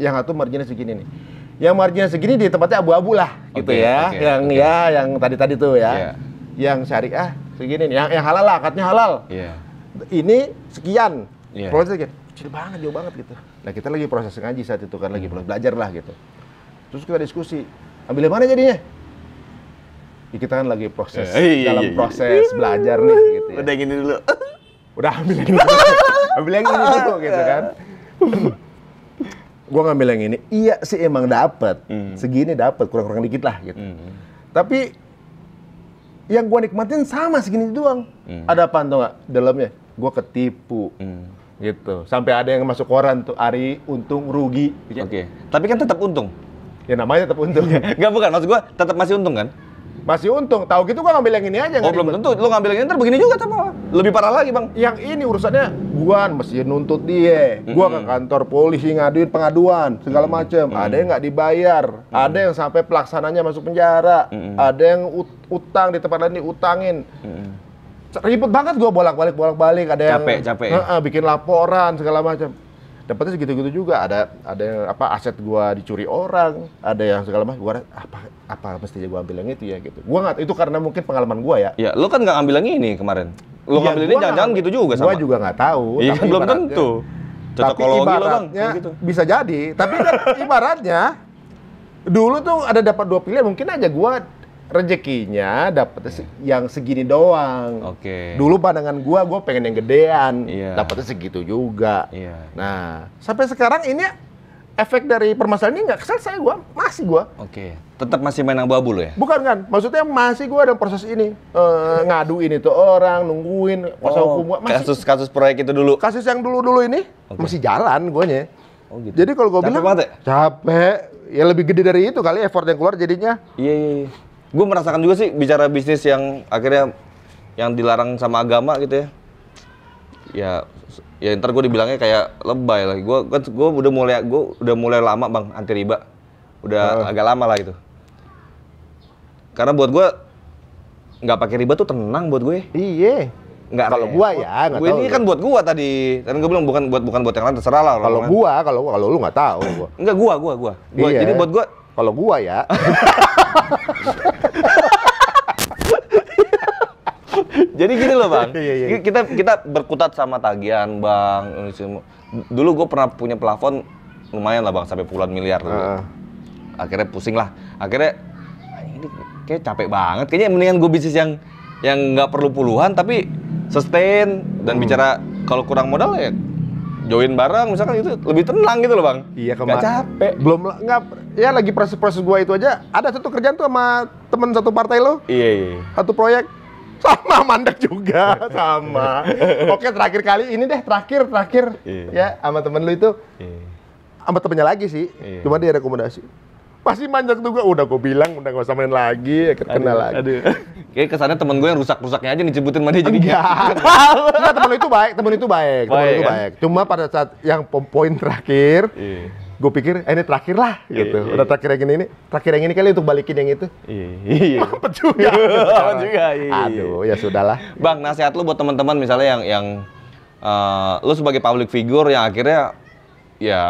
Yang satu marginnya segini nih. Yang marginnya segini di tempatnya abu-abu lah gitu ya. Okay, yang okay. ya yang tadi-tadi tuh ya. Yeah. Yang syariah segini nih. Yang, yang halal lah, katanya halal. Yeah. Ini sekian. Yeah. Proses sekian. Kecil banget, jauh banget gitu. Nah kita lagi proses ngaji saat itu kan, lagi hmm. belajar lah gitu. Terus kita diskusi, ambil yang mana jadinya? Ya, kita kan lagi proses ya, iya, dalam iya, iya. proses belajar nih gitu ya. Udah gini dulu. Udah ambil yang ini. ambil yang ini dulu gitu kan. gua ngambil yang ini. Iya sih emang dapat. Mm. Segini dapat, kurang-kurang dikit lah gitu. Mm. Tapi yang gua nikmatin sama segini doang. Mm. Ada apa tuh nggak dalamnya? Gua ketipu. Mm. Gitu. Sampai ada yang masuk koran tuh Ari untung rugi. Oke. Okay. Tapi kan tetap untung. Ya namanya tetap untung. Enggak bukan maksud gua tetap masih untung kan? Masih untung. Tahu gitu gua ngambil yang ini aja. Oh, belum tentu. Lu ngambil yang ini ntar begini juga sama. Lebih parah lagi, Bang. Yang ini urusannya gua mesti nuntut dia. Mm-hmm. Gua ke kantor polisi ngaduin pengaduan segala macem. Mm-hmm. Ada yang nggak dibayar, mm-hmm. ada yang sampai pelaksananya masuk penjara, mm-hmm. ada yang ut- utang di tempat lain diutangin. Mm-hmm. Ribet banget gua bolak-balik bolak-balik ada yang capek, capek. Ya? bikin laporan segala macam dapatnya segitu-gitu juga ada ada yang apa aset gua dicuri orang ada yang segala macam gua apa apa mestinya gua ambil yang itu ya gitu gua nggak itu karena mungkin pengalaman gua ya ya lu kan nggak ambil yang ini kemarin lu ya, ngambil ini jangan-jangan gitu juga sama gua juga nggak tahu iya kan belum tentu Cocok tapi ibaratnya lo bang, gitu. bisa jadi tapi kan ibaratnya dulu tuh ada dapat dua pilihan mungkin aja gua rezekinya dapat yeah. yang segini doang. Oke. Okay. Dulu pandangan gua, gua pengen yang gedean, yeah. dapatnya segitu juga. Yeah. Nah, sampai sekarang ini efek dari permasalahan ini nggak selesai gua, masih gua. Oke. Okay. Tetap masih main abu-abu lo ya? Bukan kan, maksudnya masih gua ada proses ini e, eh, ngadu ini tuh orang nungguin kuasa oh, hukum gua. Masih, kasus kasus proyek itu dulu. Kasus yang dulu-dulu ini okay. masih jalan guanya. Oh gitu. Jadi kalau gua capek bilang banget ya? capek, ya lebih gede dari itu kali effort yang keluar jadinya. Iya iya, iya gue merasakan juga sih bicara bisnis yang akhirnya yang dilarang sama agama gitu ya ya ya ntar gue dibilangnya kayak lebay lagi gue kan gue udah mulai gue udah mulai lama bang anti riba udah uh. agak lama lah itu karena buat gue nggak pakai riba tuh tenang buat gue iya nggak kalau gue ya gue tahu ini ya. kan buat gue tadi kan gue bilang bukan buat bukan buat yang lain terserah lah kalau gue kalau kalau lu nggak tahu gua nggak gue gue gue gua. Iya. jadi buat gua kalau gua ya. Jadi gini loh bang, iya, iya, iya. kita kita berkutat sama tagihan bang. Dulu gua pernah punya plafon lumayan lah bang, sampai puluhan miliar. Uh. Akhirnya pusing lah. Akhirnya ah, ini kayak capek banget. Kayaknya mendingan gua bisnis yang yang nggak perlu puluhan tapi sustain dan hmm. bicara kalau kurang modal ya join bareng misalkan itu lebih tenang gitu loh bang iya kemarin gak capek belum nggak ya lagi proses-proses gua itu aja ada satu kerjaan tuh sama temen satu partai lo iya iya satu proyek sama mandek juga sama oke terakhir kali ini deh terakhir terakhir iya. ya sama temen lu itu iya. sama temennya lagi sih iya. cuma dia rekomendasi pasti manjat tuh gue udah gue bilang udah gak usah main lagi ya kena aduh, lagi aduh. kayak kesannya temen gue yang rusak rusaknya aja dicebutin mana jadi gak gitu. enggak temen itu baik temen itu baik temen itu kan? baik cuma pada saat yang poin terakhir yeah. gue pikir eh, ini terakhir lah iya, gitu yeah, yeah. udah terakhir yang ini, ini terakhir yang ini kali untuk balikin yang itu iya yeah, yeah. juga juga iya. aduh ya sudahlah bang nasihat lu buat teman-teman misalnya yang yang uh, lu sebagai public figure yang akhirnya ya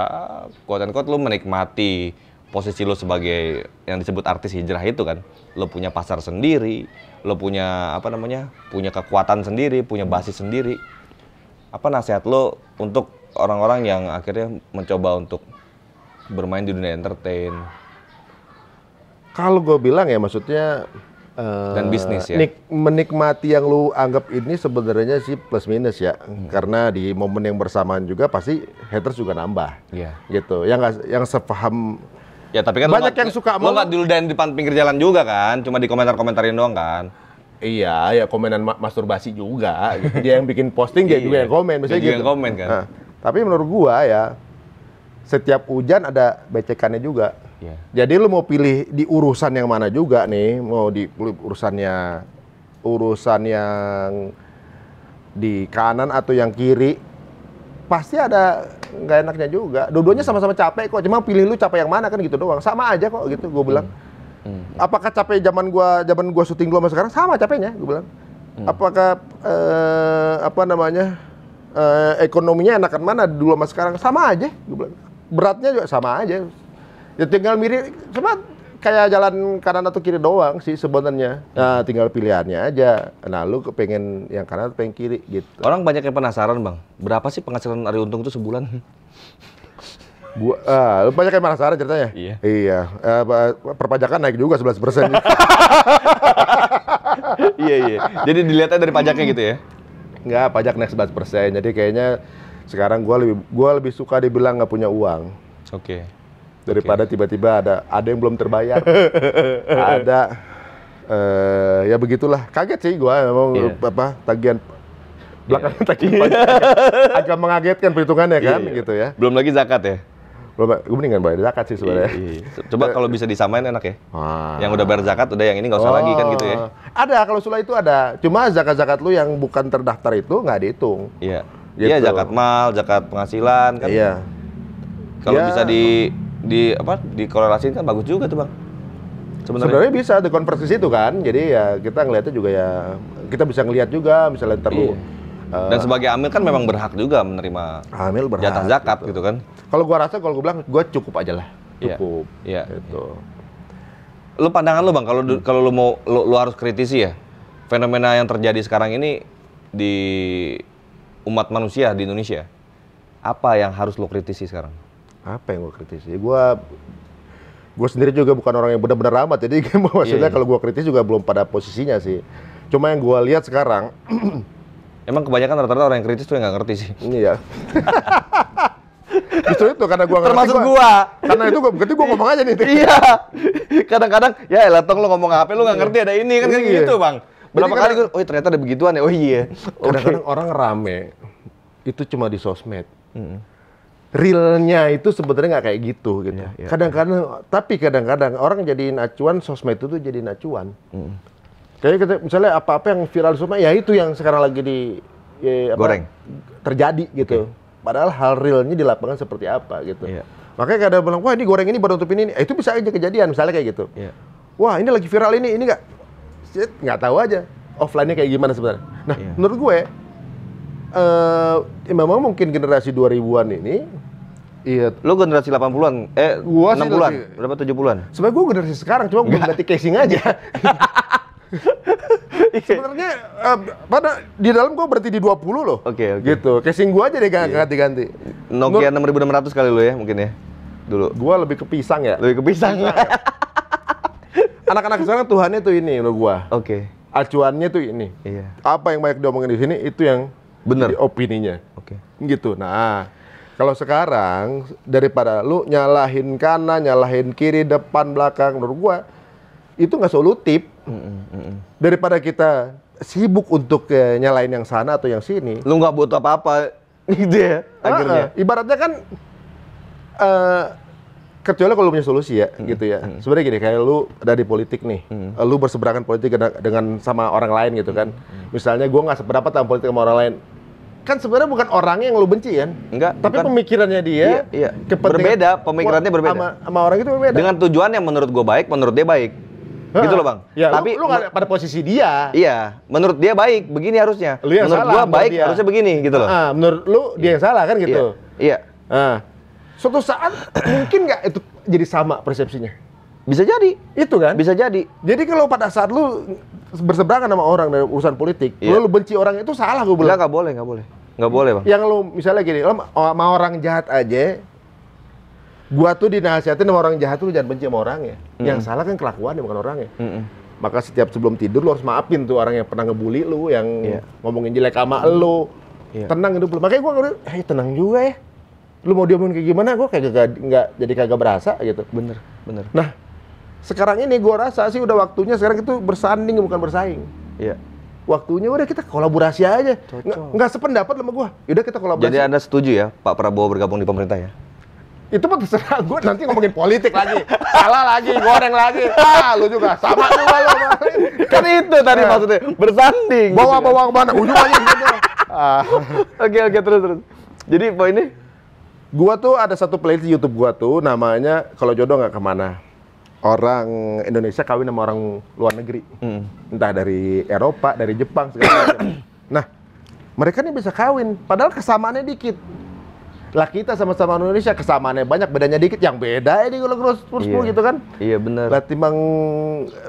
quote kuat lu menikmati posisi lo sebagai yang disebut artis hijrah itu kan lo punya pasar sendiri lo punya apa namanya punya kekuatan sendiri punya basis sendiri apa nasihat lo untuk orang-orang yang akhirnya mencoba untuk bermain di dunia entertain kalau gue bilang ya maksudnya eh, dan bisnis ya menikmati yang lu anggap ini sebenarnya sih plus minus ya hmm. karena di momen yang bersamaan juga pasti haters juga nambah yeah. gitu yang yang sepaham Ya tapi kan banyak yang suka lo nggak diludahin di pinggir jalan juga kan, cuma di komentar-komentarin doang kan. Iya, ya komenan ma masturbasi juga. Gitu. Dia yang bikin posting, dia iya. juga yang komen. dia gitu. yang komen kan. Nah, tapi menurut gua ya, setiap hujan ada becekannya juga. Iya. Jadi lu mau pilih di urusan yang mana juga nih, mau di urusannya urusan yang di kanan atau yang kiri, pasti ada nggak enaknya juga. Dua-duanya hmm. sama-sama capek kok. Cuma pilih lu capek yang mana kan gitu doang. Sama aja kok gitu gue bilang. Hmm. hmm. Apakah capek zaman gua zaman gua syuting dulu sama sekarang sama capeknya gue bilang. Hmm. Apakah eh, apa namanya? Eh, ekonominya enakan mana dulu sama sekarang sama aja gue bilang. Beratnya juga sama aja. Ya tinggal mirip cuma kayak jalan kanan atau kiri doang sih sebenarnya. Nah, tinggal pilihannya aja. Nah, lu kepengen yang kanan atau pengen kiri gitu. Orang banyak yang penasaran, Bang. Berapa sih penghasilan Ari Untung itu sebulan? Gua, uh, lu banyak yang penasaran ceritanya? Iya. Iya. Uh, perpajakan naik juga 11 persen. iya, iya. Jadi dilihatnya dari pajaknya gitu ya? Enggak, pajak naik 11 persen. Jadi kayaknya sekarang gua lebih gua lebih suka dibilang nggak punya uang. Oke. Okay daripada tiba-tiba ada ada yang belum terbayar ada uh, ya begitulah kaget sih gua mau yeah. apa tagihan belakangan yeah. tagihan agak, mengagetkan perhitungannya kan yeah, gitu ya belum lagi zakat ya belum gue mendingan bayar zakat sih sebenarnya iya, iya. coba kalau bisa disamain enak ya ah. yang udah bayar zakat udah yang ini nggak usah oh. lagi kan gitu ya oh. ada kalau sulah itu ada cuma zakat zakat lu yang bukan terdaftar itu nggak dihitung iya, iya gitu. iya zakat mal zakat penghasilan kan iya kalau bisa di di apa dikorelasikan kan bagus juga tuh bang sebenarnya. sebenarnya bisa di konversi situ kan jadi ya kita ngelihatnya juga ya kita bisa ngelihat juga misalnya terlalu iya. Eh, dan sebagai amil kan memang berhak juga menerima amil berhak jatah zakat gitu, gitu kan kalau gua rasa kalau gua bilang gua cukup aja lah iya. cukup iya, itu gitu iya. lu pandangan lu bang kalau hmm. kalau lu mau lu, lu harus kritisi ya fenomena yang terjadi sekarang ini di umat manusia di Indonesia apa yang harus lo kritisi sekarang apa yang gue kritisi? Ya gue gue sendiri juga bukan orang yang benar-benar amat, jadi maksudnya yeah, iya. kalau gue kritis juga belum pada posisinya sih. Cuma yang gue lihat sekarang, emang kebanyakan rata-rata orang yang kritis tuh yang nggak ngerti sih. Iya. Justru itu karena gue termasuk gue. gua. Karena itu gue berarti gue ngomong aja nih. iya. Kadang-kadang ya elah tong lo ngomong apa Lo nggak iya. ngerti ada ini kan kayak iya. gitu, Bang. Berapa kan kali gue, oh ternyata ada begituan ya. Oh iya. Kadang-kadang orang rame itu cuma di sosmed realnya itu sebenarnya nggak kayak gitu gitu. Iya, iya. Kadang-kadang, yeah, yeah. Kadang tapi kadang-kadang orang jadi acuan sosmed itu tuh jadiin acuan. Mm. Kayak kita, misalnya apa-apa yang viral semua, ya itu yang sekarang lagi di ya, apa, goreng terjadi gitu. Okay. Padahal hal realnya di lapangan seperti apa gitu. Yeah. Makanya kadang bilang, wah ini goreng ini baru untuk ini, eh, itu bisa aja kejadian misalnya kayak gitu. Yeah. Wah ini lagi viral ini, ini nggak, nggak tahu aja offline-nya kayak gimana sebenarnya. Nah yeah. menurut gue, uh, memang mungkin generasi 2000-an ini Iya. Lo generasi 80-an, eh gua 60-an, berapa 70-an? Sebenernya gua generasi sekarang, cuma gue ganti casing aja. Iya. Sebenarnya uh, eh, pada di dalam gua berarti di 20 loh. Oke, okay, okay. Gitu. Casing gua aja deh gak iya. ganti-ganti. Nokia Nur, 6600 kali lo ya mungkin ya. Dulu. Gua lebih ke pisang ya. Lebih ke pisang. pisang ya. Anak-anak sekarang Tuhannya tuh ini lo gua. Oke. Okay. Acuannya tuh ini. Iya. Apa yang banyak diomongin di sini itu yang benar. opininya. Oke. Okay. Gitu. Nah, kalau sekarang daripada lu nyalahin kanan, nyalahin kiri, depan, belakang, menurut gua itu nggak solutif. Mm -mm. Daripada kita sibuk untuk eh, nyalain yang sana atau yang sini. Lu nggak butuh apa-apa gitu ya akhirnya. Uh, ibaratnya kan uh, kecuali kalau punya solusi ya hmm. gitu ya. Hmm. Sebenarnya gini kayak lu ada di politik nih, hmm. lu berseberangan politik dengan, sama orang lain gitu kan. Hmm. Misalnya gua nggak sependapat sama politik sama orang lain, kan sebenarnya bukan orangnya yang lo benci kan? Enggak. Tapi bukan. pemikirannya dia iya, iya. berbeda, pemikirannya berbeda. Sama, sama orang itu berbeda. Dengan tujuan yang menurut gue baik, menurut dia baik. Ha, gitu loh, Bang. Ya, Tapi lu, lu gak pada posisi dia. Iya, menurut dia baik, begini harusnya. Lu yang menurut gue baik dia. harusnya begini gitu loh. Ah, menurut lu dia iya. yang salah kan gitu. Iya. iya. Ah. Suatu saat mungkin nggak itu jadi sama persepsinya. Bisa jadi. Itu kan? Bisa jadi. Jadi kalau pada saat lu berseberangan sama orang dari urusan politik, yeah. lu, benci orang itu salah gue bilang. Enggak, boleh, nggak boleh. Nggak boleh, Bang. Yang lu misalnya gini, lu oh, sama orang jahat aja gua tuh dinasihatin sama orang jahat tuh jangan benci sama orangnya. Mm. Yang salah kan kelakuannya bukan orangnya. Mm -mm. Maka setiap sebelum tidur lu harus maafin tuh orang yang pernah ngebully lu, yang yeah. ngomongin jelek sama mm. lu. Yeah. Tenang hidup lu. Makanya gua ngomong, "Eh, tenang juga ya." Lu mau diomongin kayak gimana, gua kayak gak, gak jadi kagak berasa gitu. Bener, bener. Nah, sekarang ini gue rasa sih udah waktunya sekarang itu bersanding bukan bersaing. Iya. Waktunya udah kita kolaborasi aja. Nggak sependapat sama gue. Udah kita kolaborasi. Jadi anda setuju ya Pak Prabowo bergabung di pemerintah ya? Itu mah terserah gue nanti ngomongin politik lagi. Salah lagi, goreng lagi. Ah, lu juga sama juga lu. kan itu tadi nah. maksudnya bersanding. Bawa-bawa ke mana? Ujung aja. Oke ah. Oke oke terus terus. Jadi poinnya, gua tuh ada satu playlist YouTube gua tuh namanya kalau jodoh nggak kemana orang Indonesia kawin sama orang luar negeri, hmm. entah dari Eropa, dari Jepang segala macam. nah, mereka ini bisa kawin, padahal kesamaannya dikit. Lah kita sama-sama Indonesia kesamaannya banyak, bedanya dikit. Yang beda ini kalau terus-terus iya. gitu kan? Iya benar. Lah timbang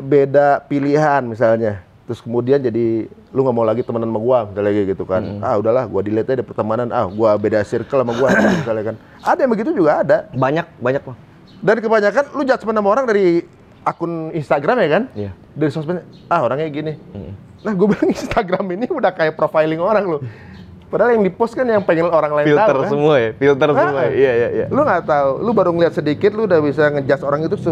beda pilihan misalnya. Terus kemudian jadi lu nggak mau lagi temenan sama gua misalnya gitu kan. Hmm. Ah udahlah, gua delete aja pertemanan. Ah gua beda circle sama gua misalnya kan. Ada yang begitu juga ada. Banyak, banyak mah dan kebanyakan lu judgement sama orang dari akun Instagram ya kan? Iya. Dari sosmed, ah orangnya gini. Mm. Nah gue bilang Instagram ini udah kayak profiling orang lu Padahal yang dipost kan yang pengen orang lain filter tahu filter kan? semua ya, filter nah, semua. Ya. Iya iya iya. Lu nggak tahu, lu baru ngeliat sedikit, lu udah bisa ngejudge orang itu se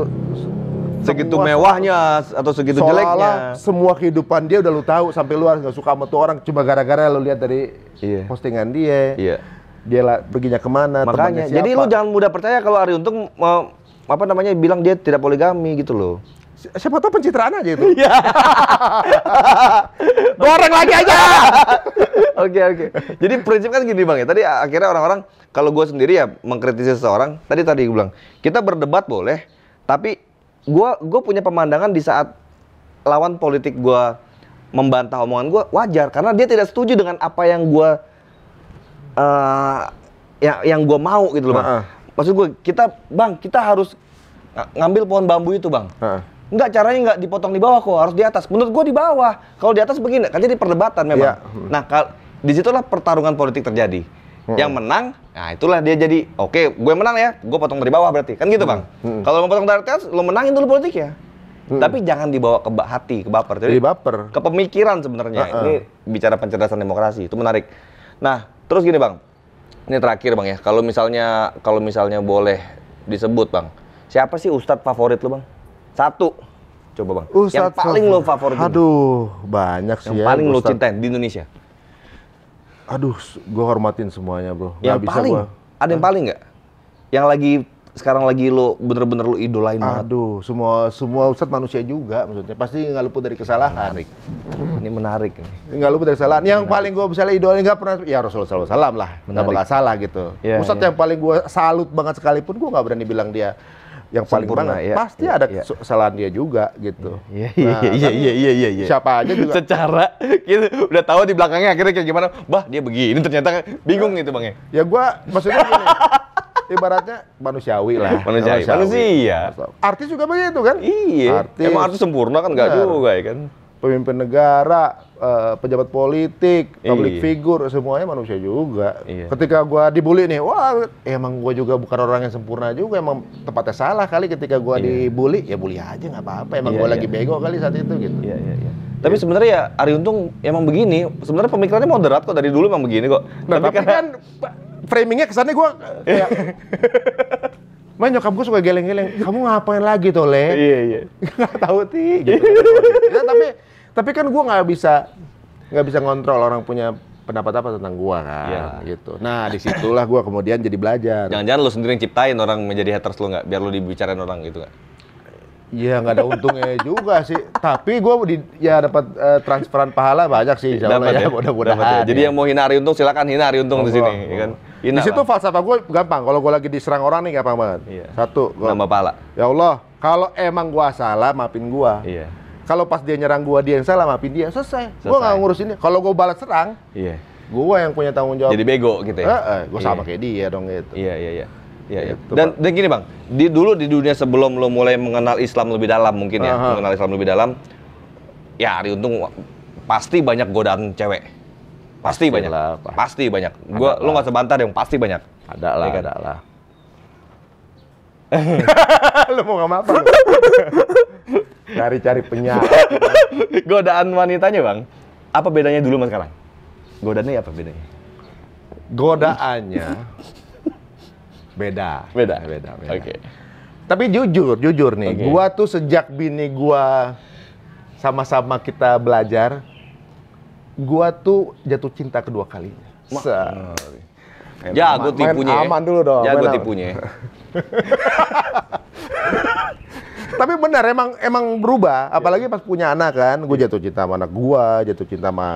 segitu semua, mewahnya atau segitu jeleknya. semua kehidupan dia udah lu tahu sampai lu harus nggak suka sama tuh orang cuma gara-gara lu lihat dari iya. postingan dia. Iya dia lah, perginya kemana, Makanya, siapa. Jadi lu jangan mudah percaya kalau Ari Untung mau apa namanya bilang dia tidak poligami gitu loh. siapa tahu pencitraan aja itu. Iya. Goreng lagi aja. Oke oke. Okay, okay. Jadi prinsip kan gini bang ya. Tadi akhirnya orang-orang kalau gue sendiri ya mengkritisi seseorang. Tadi tadi gue bilang kita berdebat boleh, tapi gue gue punya pemandangan di saat lawan politik gue membantah omongan gue wajar karena dia tidak setuju dengan apa yang gue uh, ya, yang gue mau gitu loh bang. Uh-uh. Maksud gue kita bang kita harus eh, ngambil pohon bambu itu bang. Uh-uh. Enggak caranya enggak dipotong di bawah kok harus di atas. Menurut gue di bawah. Kalau di atas begini kan jadi perdebatan memang. Yeah. Nah kal disitulah pertarungan politik terjadi. hmm Yang menang, nah itulah dia jadi oke okay, gue menang ya, gue potong dari bawah berarti kan gitu bang. hmm Kalau mau potong dari atas, lo menangin dulu politik ya. Hmm. Tapi jangan dibawa ke hati, ke baper. Jadi, Jadi baper. Ke pemikiran sebenarnya. Uh-uh. Ini bicara pencerdasan demokrasi, itu menarik. Nah, Terus gini bang, ini terakhir bang ya. Kalau misalnya kalau misalnya boleh disebut bang, siapa sih ustadz favorit lo bang? Satu, coba bang. Ustadz yang paling lo favorit. Aduh, banyak sih. Yang ya, paling ustadz. lo cintain di Indonesia. Aduh, gue hormatin semuanya bro. Yang gak paling, bisa gua. ada yang paling nggak? Yang lagi sekarang lagi lo bener-bener lo idolain banget? Aduh, semua semua ustadz manusia juga maksudnya. Pasti nggak luput dari kesalahan. Menarik. Ini menarik. Nggak luput dari kesalahan. Yang menarik. paling gue misalnya idolain nggak pernah, ya Rasulullah SAW lah. Nggak bakal salah gitu. Ya, ustad ya. yang paling gue salut banget sekalipun, gue nggak berani bilang dia yang paling Sempurna, Ya, pasti ya, ada ya. kesalahan dia juga gitu. Iya iya, nah, iya, iya iya iya iya Siapa aja juga. Secara gitu, udah tahu di belakangnya akhirnya kayak gimana. Bah, dia begini ternyata bingung gitu Bang ya. Ya gue maksudnya gini. ibaratnya manusiawi lah. Manusiawi. Manusia. Iya. Artis juga begitu kan? Iya. Artis. Emang artis sempurna kan enggak juga ya kan? Pemimpin negara, uh, pejabat politik, public iya. figure, semuanya manusia juga. Iya. Ketika gua dibully nih, wah emang gua juga bukan orang yang sempurna juga, emang tempatnya salah kali ketika gua iya. dibully, ya bully aja nggak apa-apa, emang iya, gua iya. lagi bego kali saat itu gitu. Iya, iya, iya. Tapi sebenarnya ya Ari Untung emang begini, sebenarnya pemikirannya moderat kok dari dulu emang begini kok. Nah, tapi, tapi karena... kan framingnya kesannya gue kayak Main nyokap gue suka geleng-geleng, kamu ngapain lagi tuh, Le? Iya, iya. Gak tau, Ti. Gitu. nah, tapi tapi kan gue gak bisa gak bisa ngontrol orang punya pendapat apa tentang gua kan Iya. gitu. Nah, disitulah gua kemudian jadi belajar. Jangan-jangan lu sendiri yang ciptain orang menjadi haters lu nggak biar lu dibicarain orang gitu nggak? Iya nggak ada untungnya juga sih. Tapi gue di ya dapat uh, transferan pahala banyak sih. Insya Allah ya, ya. mudah-mudahan. Ya. Jadi yang mau hinari untung silakan hinari untung oh, di sini. Oh. Kan? Hina di situ lah. falsafah gue gampang. Kalau gue lagi diserang orang nih gampang banget. Iya. Satu. Gua, Nama pahala. Ya Allah, kalau emang gue salah maafin gue. Iya. Kalau pas dia nyerang gue dia yang salah maafin dia selesai. selesai. Gue nggak ngurus ini. Kalau gue balas serang, iya. gue yang punya tanggung jawab. Jadi bego gitu ya. Eh, eh, gue iya. sama kayak dia dong gitu. Iya iya iya. Ya, ya. Gitu, dan, dan gini bang, di dulu di dunia sebelum lo mulai mengenal Islam lebih dalam mungkin ya, Aha. mengenal Islam lebih dalam, ya Ari Untung pasti banyak godaan cewek. Pasti, pasti banyak. Lah, pasti. pasti banyak. Gua lo nggak sebentar yang pasti banyak. Ada lah, iya kan? ada lah. Lo mau ngomong apa? Cari-cari penyakit. Godaan wanitanya bang, apa bedanya dulu sama sekarang? Godaannya apa bedanya? Godaannya Beda. Beda. Beda. beda. Oke. Okay. Tapi jujur, jujur nih, okay. gua tuh sejak bini gua sama-sama kita belajar, gua tuh jatuh cinta kedua kalinya. Sorry. ya, gua tipunya. Aman aman dulu dong. gua tipunya. Ya. Tapi benar emang emang berubah, iya. apalagi pas punya anak kan, gue iya. jatuh cinta sama anak gue jatuh cinta sama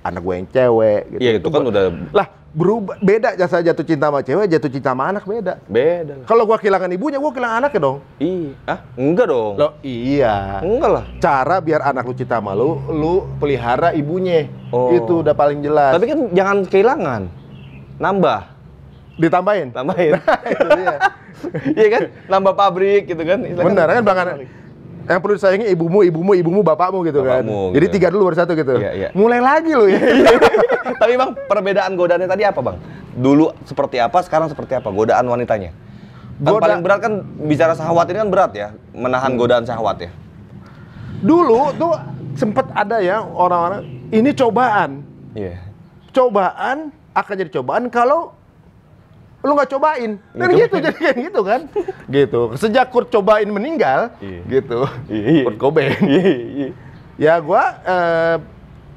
anak gue yang cewek gitu. Iya, itu, itu kan udah lah berubah beda jasa jatuh cinta sama cewek jatuh cinta sama anak beda beda kalau gua kehilangan ibunya gua kehilangan anaknya dong iya ah enggak dong lo iya enggak lah cara biar anak lu cinta sama lu lu pelihara ibunya oh. itu udah paling jelas tapi kan jangan kehilangan nambah ditambahin tambahin nah, itu dia iya kan nambah pabrik gitu kan Istilah benar kan, kan yang perlu disayangi ibumu, ibumu, ibumu, bapakmu gitu kan. bapakmu, kan. Jadi gitu ya. tiga dulu baru satu gitu. Iya, iya. Mulai lagi loh ya. Tapi Bang, perbedaan godaannya tadi apa Bang? Dulu seperti apa, sekarang seperti apa godaan wanitanya? Kan Goda... paling berat kan bicara syahwat ini kan berat ya, menahan hmm. godaan syahwat ya. Dulu tuh sempet ada ya orang-orang ini cobaan. Yeah. Cobaan akan jadi cobaan kalau lu nggak cobain kan gitu, gitu jadi kayak gitu kan gitu sejak Kurt cobain meninggal iya. gitu iya. Kurt Cobain iya, iya. ya gua eh,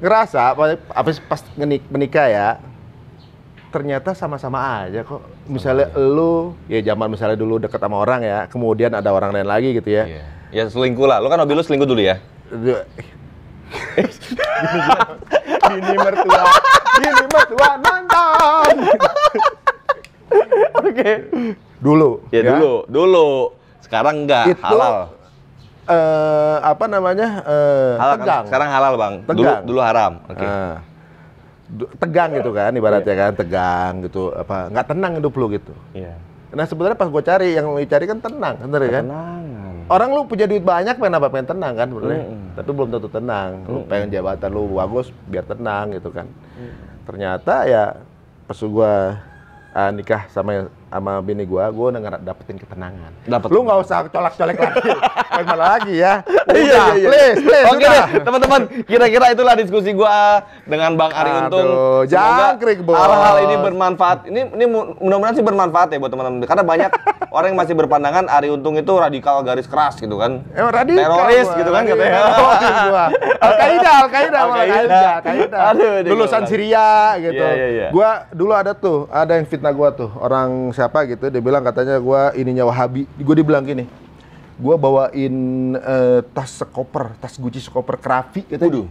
ngerasa apa pas menikah ya ternyata sama-sama aja kok misalnya sama lu ya zaman misalnya dulu deket sama orang ya kemudian ada orang lain lagi gitu ya iya. ya selingkuh lah lu kan hobi lu selingkuh dulu ya iya. ini mertua ini mertua nonton Oke. Dulu. Ya, ya dulu, dulu. Sekarang enggak Itu, halal. Eh apa namanya? Uh, halal, kan? tegang. Kan? Sekarang halal, Bang. Tegang. Dulu dulu haram. Oke. Okay. Uh, tegang gitu kan ibaratnya kan tegang gitu apa nggak tenang hidup lu gitu. Iya. Nah sebenarnya pas gue cari yang lu cari kan tenang, bener ya kan? Orang lu punya duit banyak pengen apa pengen tenang kan sebenarnya, mm -hmm. tapi belum tentu tenang. Mm -hmm. Lu pengen jabatan lu bagus biar tenang gitu kan. Mm -hmm. Ternyata ya pas gue Ah, nikah sama sama bini gua, gue denger dapetin ketenangan. Dapet. Lu nggak usah colak-colek lagi. Bagaimana lagi ya? Iya, udah, iya, iya, please, please. Oke okay, teman-teman, kira-kira itulah diskusi gua dengan Bang Ari Untung. Aduh, jangkrik, bos. Hal-hal ini bermanfaat. Ini ini mudah-mudahan sih bermanfaat ya buat teman-teman. Karena banyak orang yang masih berpandangan Ari Untung itu radikal garis keras gitu kan. Emang radikal. Teroris gua. gitu kan katanya. Al-Qaeda, Al-Qaeda, Al-Qaeda. Aduh, Lulusan Syria gitu. Iya, iya, iya. Gua dulu ada tuh, ada yang fitnah gua tuh, orang siapa gitu dia bilang katanya gue ininya Wahabi gue dibilang gini gue bawain uh, tas sekoper tas guci sekoper kerapi gitu Waduh.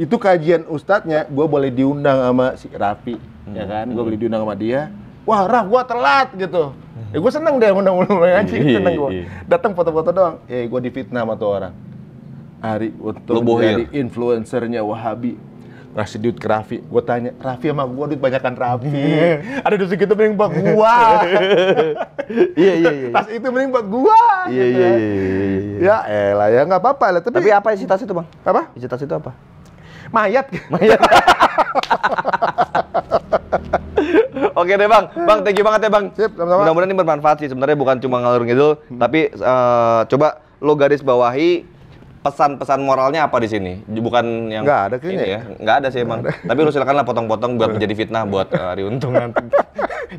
itu kajian ustadznya gue boleh diundang sama si Rapi ya hmm. ya kan gue hmm. boleh diundang sama dia wah rah gue telat gitu ya gue seneng deh undang undang ngaji iya, seneng gue iya. datang foto-foto doang ya eh, gue difitnah sama tuh orang hari untuk jadi influencernya Wahabi ngasih duit ke Raffi. Gue tanya, Raffi sama gue duit banyakan Raffi. Ada duit segitu mending buat gua. Iya iya iya. Tas itu mending buat gua. Iya, gitu. iya, iya, iya iya iya. Ya elah ya nggak apa-apa lah. Tapi, Tapi apa isi tas itu bang? Apa? Isi tas itu apa? Mayat. Mayat. Oke deh bang, bang thank you banget ya bang. Sip, sama-sama. Mudah-mudahan ini bermanfaat sih. Sebenarnya bukan cuma ngalur ngidul, hmm. tapi uh, coba lo garis bawahi pesan-pesan moralnya apa di sini? Bukan yang nggak ada kayaknya ya. Nggak ada sih emang. Ada. Tapi lu silakanlah potong-potong buat menjadi fitnah buat uh, eh, Riuntung nanti.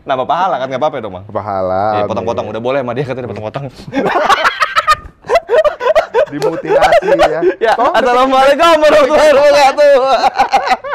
Nambah pahala kan nggak apa-apa dong, Bang. Pahala. Ya, potong-potong udah boleh sama dia katanya potong-potong. Dimutilasi ya. ya. Assalamualaikum warahmatullahi wabarakatuh.